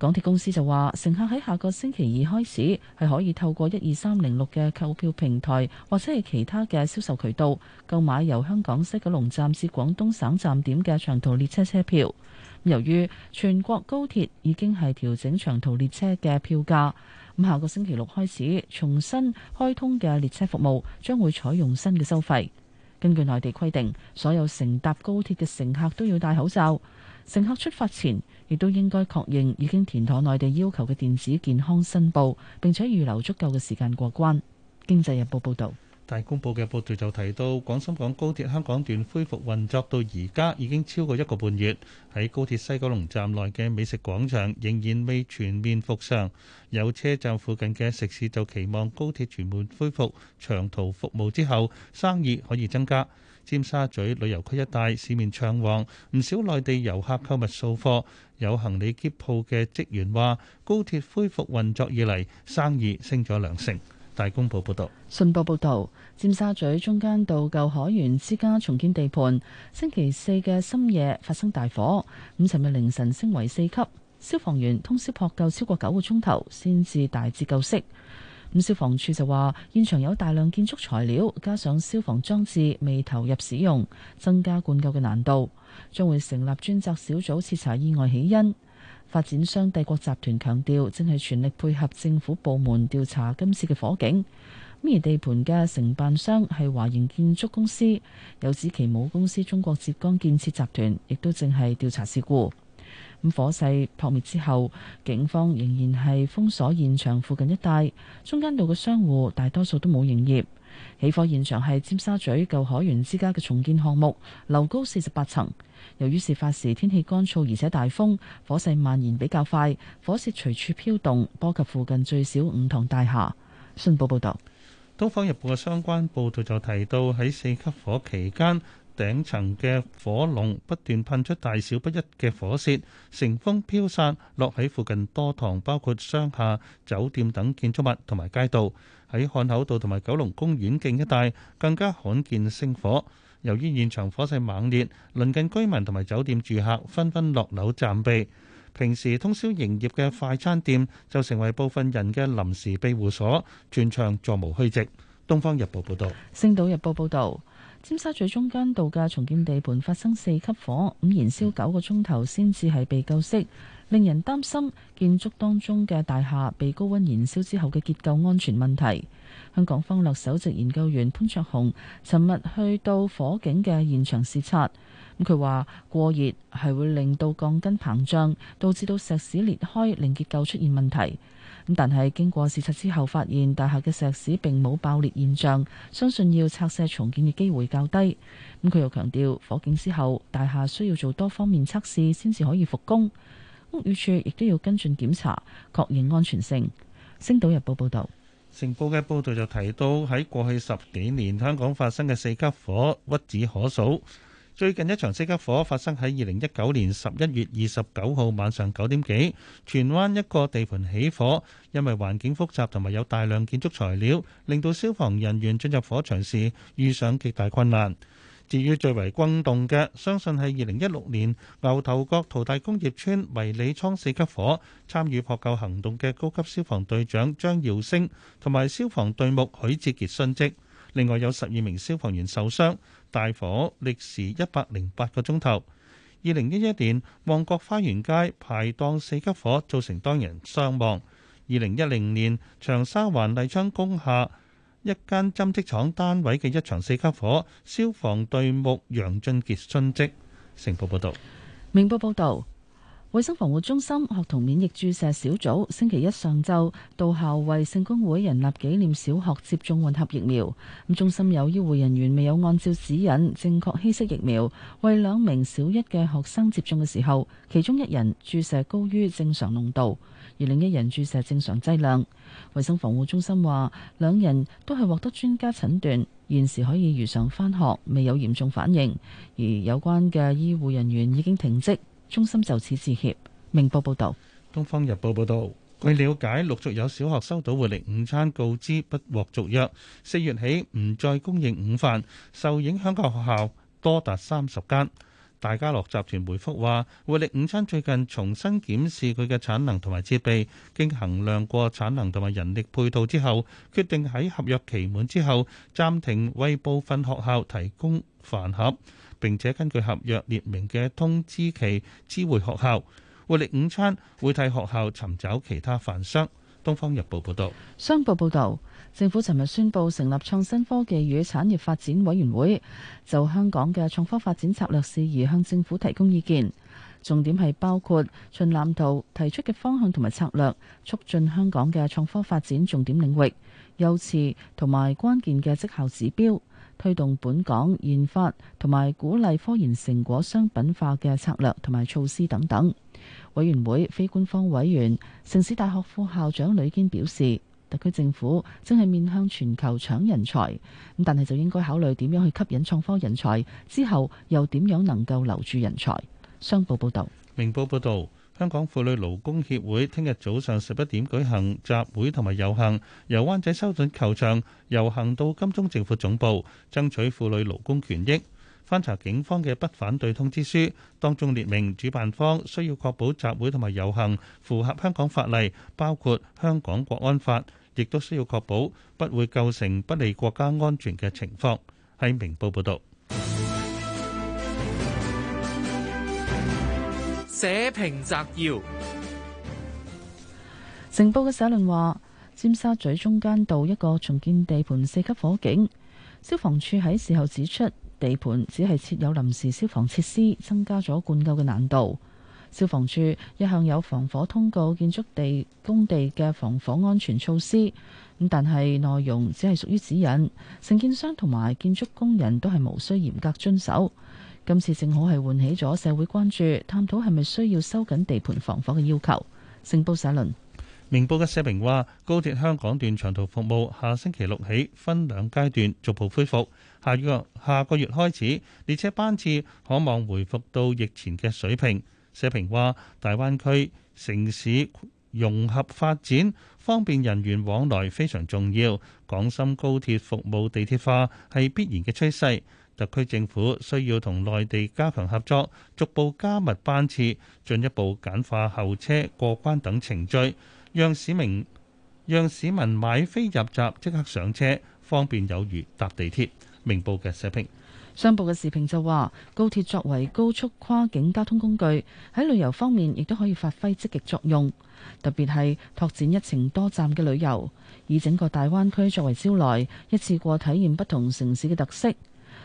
港鐵公司就話，乘客喺下個星期二開始係可以透過一二三零六嘅購票平台，或者係其他嘅銷售渠道，購買由香港西九龍站至廣東省站點嘅長途列車車票。由於全國高鐵已經係調整長途列車嘅票價，咁下個星期六開始重新開通嘅列車服務將會採用新嘅收費。根據內地規定，所有乘搭高鐵嘅乘客都要戴口罩。乘客出發前，亦都應該確認已經填妥內地要求嘅電子健康申報，並且預留足夠嘅時間過關。經濟日報報導，大公報嘅報導就提到，廣深港高鐵香港段恢復運作到而家已經超過一個半月，喺高鐵西九龍站內嘅美食廣場仍然未全面復常，有車站附近嘅食肆就期望高鐵全面恢復長途服務之後，生意可以增加。尖沙咀旅遊區一帶市面暢旺，唔少內地遊客購物掃貨。有行李喼舖嘅職員話：高鐵恢復運作以嚟，生意升咗兩成。大公報報道：「信報報道，尖沙咀中間道舊海員之家重建地盤，星期四嘅深夜發生大火，咁尋日凌晨升為四級，消防員通宵撲救超過九個鐘頭，先至大致救熄。咁消防處就話，現場有大量建築材料，加上消防裝置未投入使用，增加灌救嘅難度，將會成立專責小組徹查意外起因。發展商帝國集團強調，正係全力配合政府部門調查今次嘅火警。咁而地盤嘅承辦商係華營建築公司，有指其母公司中國浙江建設集團亦都正係調查事故。咁火勢撲滅之後，警方仍然係封鎖現場附近一帶。中間道嘅商戶大多數都冇營業。起火現場係尖沙咀舊海員之家嘅重建項目，樓高四十八層。由於事發時天氣乾燥而且大風，火勢蔓延比較快，火舌隨處飄動，波及附近最少五幢大廈。信報報道，東方日報嘅相關報道就提到喺四級火期間。頂層嘅火龍不斷噴出大小不一嘅火屑，乘風飄散，落喺附近多幢，包括商廈、酒店等建築物同埋街道。喺漢口道同埋九龍公園徑一帶更加罕見星火。由於現場火勢猛烈，鄰近居民同埋酒店住客紛紛落樓暫避。平時通宵營業嘅快餐店就成為部分人嘅臨時庇護所，全場座無虛席。東方日報報道，《星島日報，報》報道。尖沙咀中間道嘅重建地盤發生四級火，咁燃燒九個鐘頭先至係被救熄，令人擔心建築當中嘅大廈被高溫燃燒之後嘅結構安全問題。香港方略首席研究員潘卓雄尋日去到火警嘅現場視察，佢話過熱係會令到鋼筋膨脹，導致到石屎裂開，令結構出現問題。但係經過視察之後，發現大廈嘅石屎並冇爆裂現象，相信要拆卸重建嘅機會較低。咁佢又強調，火警之後大廈需要做多方面測試，先至可以復工。屋宇署亦都要跟進檢查，確認安全性。星島日報報道，成報嘅報導就提到，喺過去十幾年，香港發生嘅四級火屈指可數。最近一場四級火發生喺二零一九年十一月二十九號晚上九點幾，荃灣一個地盤起火，因為環境複雜同埋有大量建築材料，令到消防人員進入火場時遇上極大困難。至於最為轟動嘅，相信係二零一六年牛頭角淘大工業村迷你倉四級火，參與撲救行動嘅高級消防隊長張耀升同埋消防隊目許志傑殉職，另外有十二名消防員受傷。大火歷時一百零八個鐘頭。二零一一年，旺角花園街排檔四級火造成多人傷亡。二零一零年，長沙灣麗昌工廈一間針織廠單位嘅一場四級火，消防隊目楊俊傑殉職。成報報導，明報報道。衛生防護中心學童免疫注射小組，星期一上晝到校為聖公會仁立紀念小學接種混合疫苗。咁中心有醫護人員未有按照指引正確稀釋疫苗，為兩名小一嘅學生接種嘅時候，其中一人注射高於正常濃度，而另一人注射正常劑量。衛生防護中心話，兩人都係獲得專家診斷，現時可以如常翻學，未有嚴重反應。而有關嘅醫護人員已經停職。中心就此致歉。明報報道，東方日報報道，據了解，陸續有小學收到活力午餐告知，不獲續約。四月起唔再供應午飯，受影響嘅學校多達三十間。大家樂集團回覆話，活力午餐最近重新檢視佢嘅產能同埋設備，經衡量過產能同埋人力配套之後，決定喺合約期滿之後暫停為部分學校提供飯盒。並且根據合約列明嘅通知期，知會學校。活力午餐會替學校尋找其他飯商。《東方日報》報導。商報報導，政府尋日宣布成立創新科技與產業發展委員會，就香港嘅創科發展策略事宜向政府提供意見。重點係包括循藍圖提出嘅方向同埋策略，促進香港嘅創科發展重點領域、優次同埋關鍵嘅績效指標。推動本港研發同埋鼓勵科研成果商品化嘅策略同埋措施等等。委員會非官方委員、城市大學副校長呂堅表示，特區政府正係面向全球搶人才，但係就應該考慮點樣去吸引創科人才，之後又點樣能夠留住人才。商報報道。明報報導。香港婦女勞工協會聽日早上十一點舉行集會同埋遊行，由灣仔修頓球場遊行到金鐘政府總部，爭取婦女勞工權益。翻查警方嘅不反對通知書，當中列明主辦方需要確保集會同埋遊行符合香港法例，包括香港國安法，亦都需要確保不會構成不利國家安全嘅情況。喺明報報道。社評摘要，成報嘅社論話：尖沙咀中間道一個重建地盤四級火警，消防處喺事後指出，地盤只係設有臨時消防設施，增加咗灌救嘅難度。消防處一向有防火通告建築，建築地工地嘅防火安全措施，咁但係內容只係屬於指引，承建商同埋建築工人都係無需嚴格遵守。今次正好係喚起咗社會關注，探討係咪需要收緊地盤防火嘅要求。成報社論，明報嘅社評話：高鐵香港段長途服務下星期六起分兩階段逐步恢復，下月下個月開始列車班次可望恢復到疫前嘅水平。社評話：大灣區城市融合發展，方便人員往來非常重要，港深高鐵服務地鐵化係必然嘅趨勢。特區政府需要同內地加強合作，逐步加密班次，進一步簡化候車、過關等程序，讓市民讓市民買飛入閘即刻上車，方便有如搭地鐵。明報嘅社評，商報嘅社評就話，高鐵作為高速跨境交通工具喺旅遊方面亦都可以發揮積極作用，特別係拓展一程多站嘅旅遊，以整個大灣區作為招來，一次過體驗不同城市嘅特色。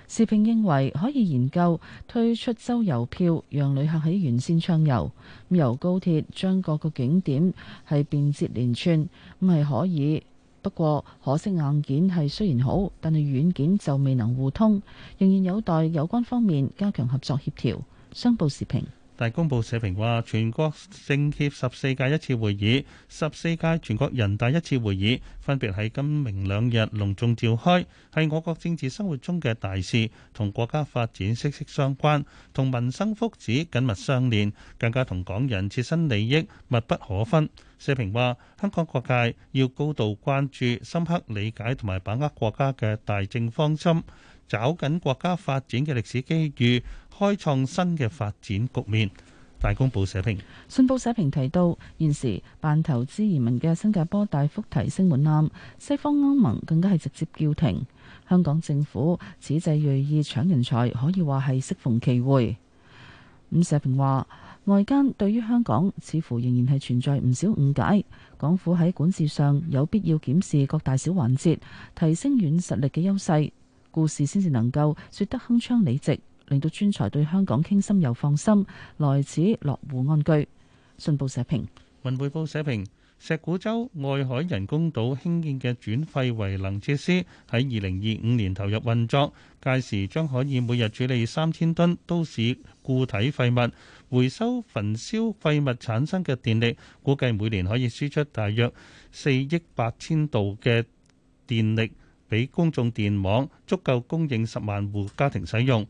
視評認為可以研究推出周遊票，讓旅客喺沿線暢遊。咁由高鐵將各個景點係便捷連串，咁係可以。不過可惜硬件係雖然好，但係軟件就未能互通，仍然有待有關方面加強合作協調。商報視評。大公報社評話，全國政協十四屆一次會議，十四屆全國人大一次會議分別喺今明兩日隆重召開，係我國政治生活中嘅大事，同國家發展息息相關，同民生福祉緊密相連，更加同港人切身利益密不可分。社評話，香港各界要高度關注、深刻理解同埋把握國家嘅大政方針，抓緊國家發展嘅歷史機遇。開創新嘅發展局面。大公報社評，信報社評提到，現時辦投資移民嘅新加坡大幅提升門檻，西方歐盟更加係直接叫停。香港政府此際鋭意搶人才，可以話係適逢其會。咁社評話，外間對於香港似乎仍然係存在唔少誤解，港府喺管治上有必要檢視各大小環節，提升軟實力嘅優勢，故事先至能夠説得鏗鏘理直。令到專才對香港傾心又放心來此落戶安居。信報社評。《文匯報》社評：石鼓洲外海人工島興建嘅轉廢為能設施，喺二零二五年投入運作，屆時將可以每日處理三千噸都市固體廢物，回收焚燒廢物產生嘅電力，估計每年可以輸出大約四億八千度嘅電力，俾公眾電網足夠供應十萬戶家庭使用。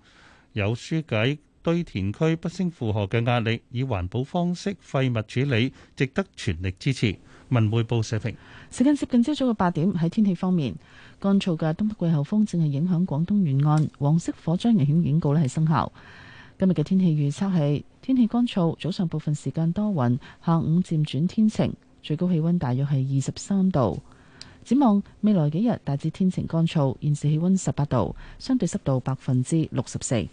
有疏解堆填區不勝負荷嘅壓力，以環保方式廢物處理，值得全力支持。文匯報社評。時間接近朝早嘅八點，喺天氣方面乾燥嘅東北季候風正係影響廣東沿岸，黃色火災危險警告咧係生效。今日嘅天氣預測係天氣乾燥，早上部分時間多雲，下午漸轉天晴，最高氣温大約係二十三度。展望未來幾日大致天晴乾燥，現時氣温十八度，相對濕度百分之六十四。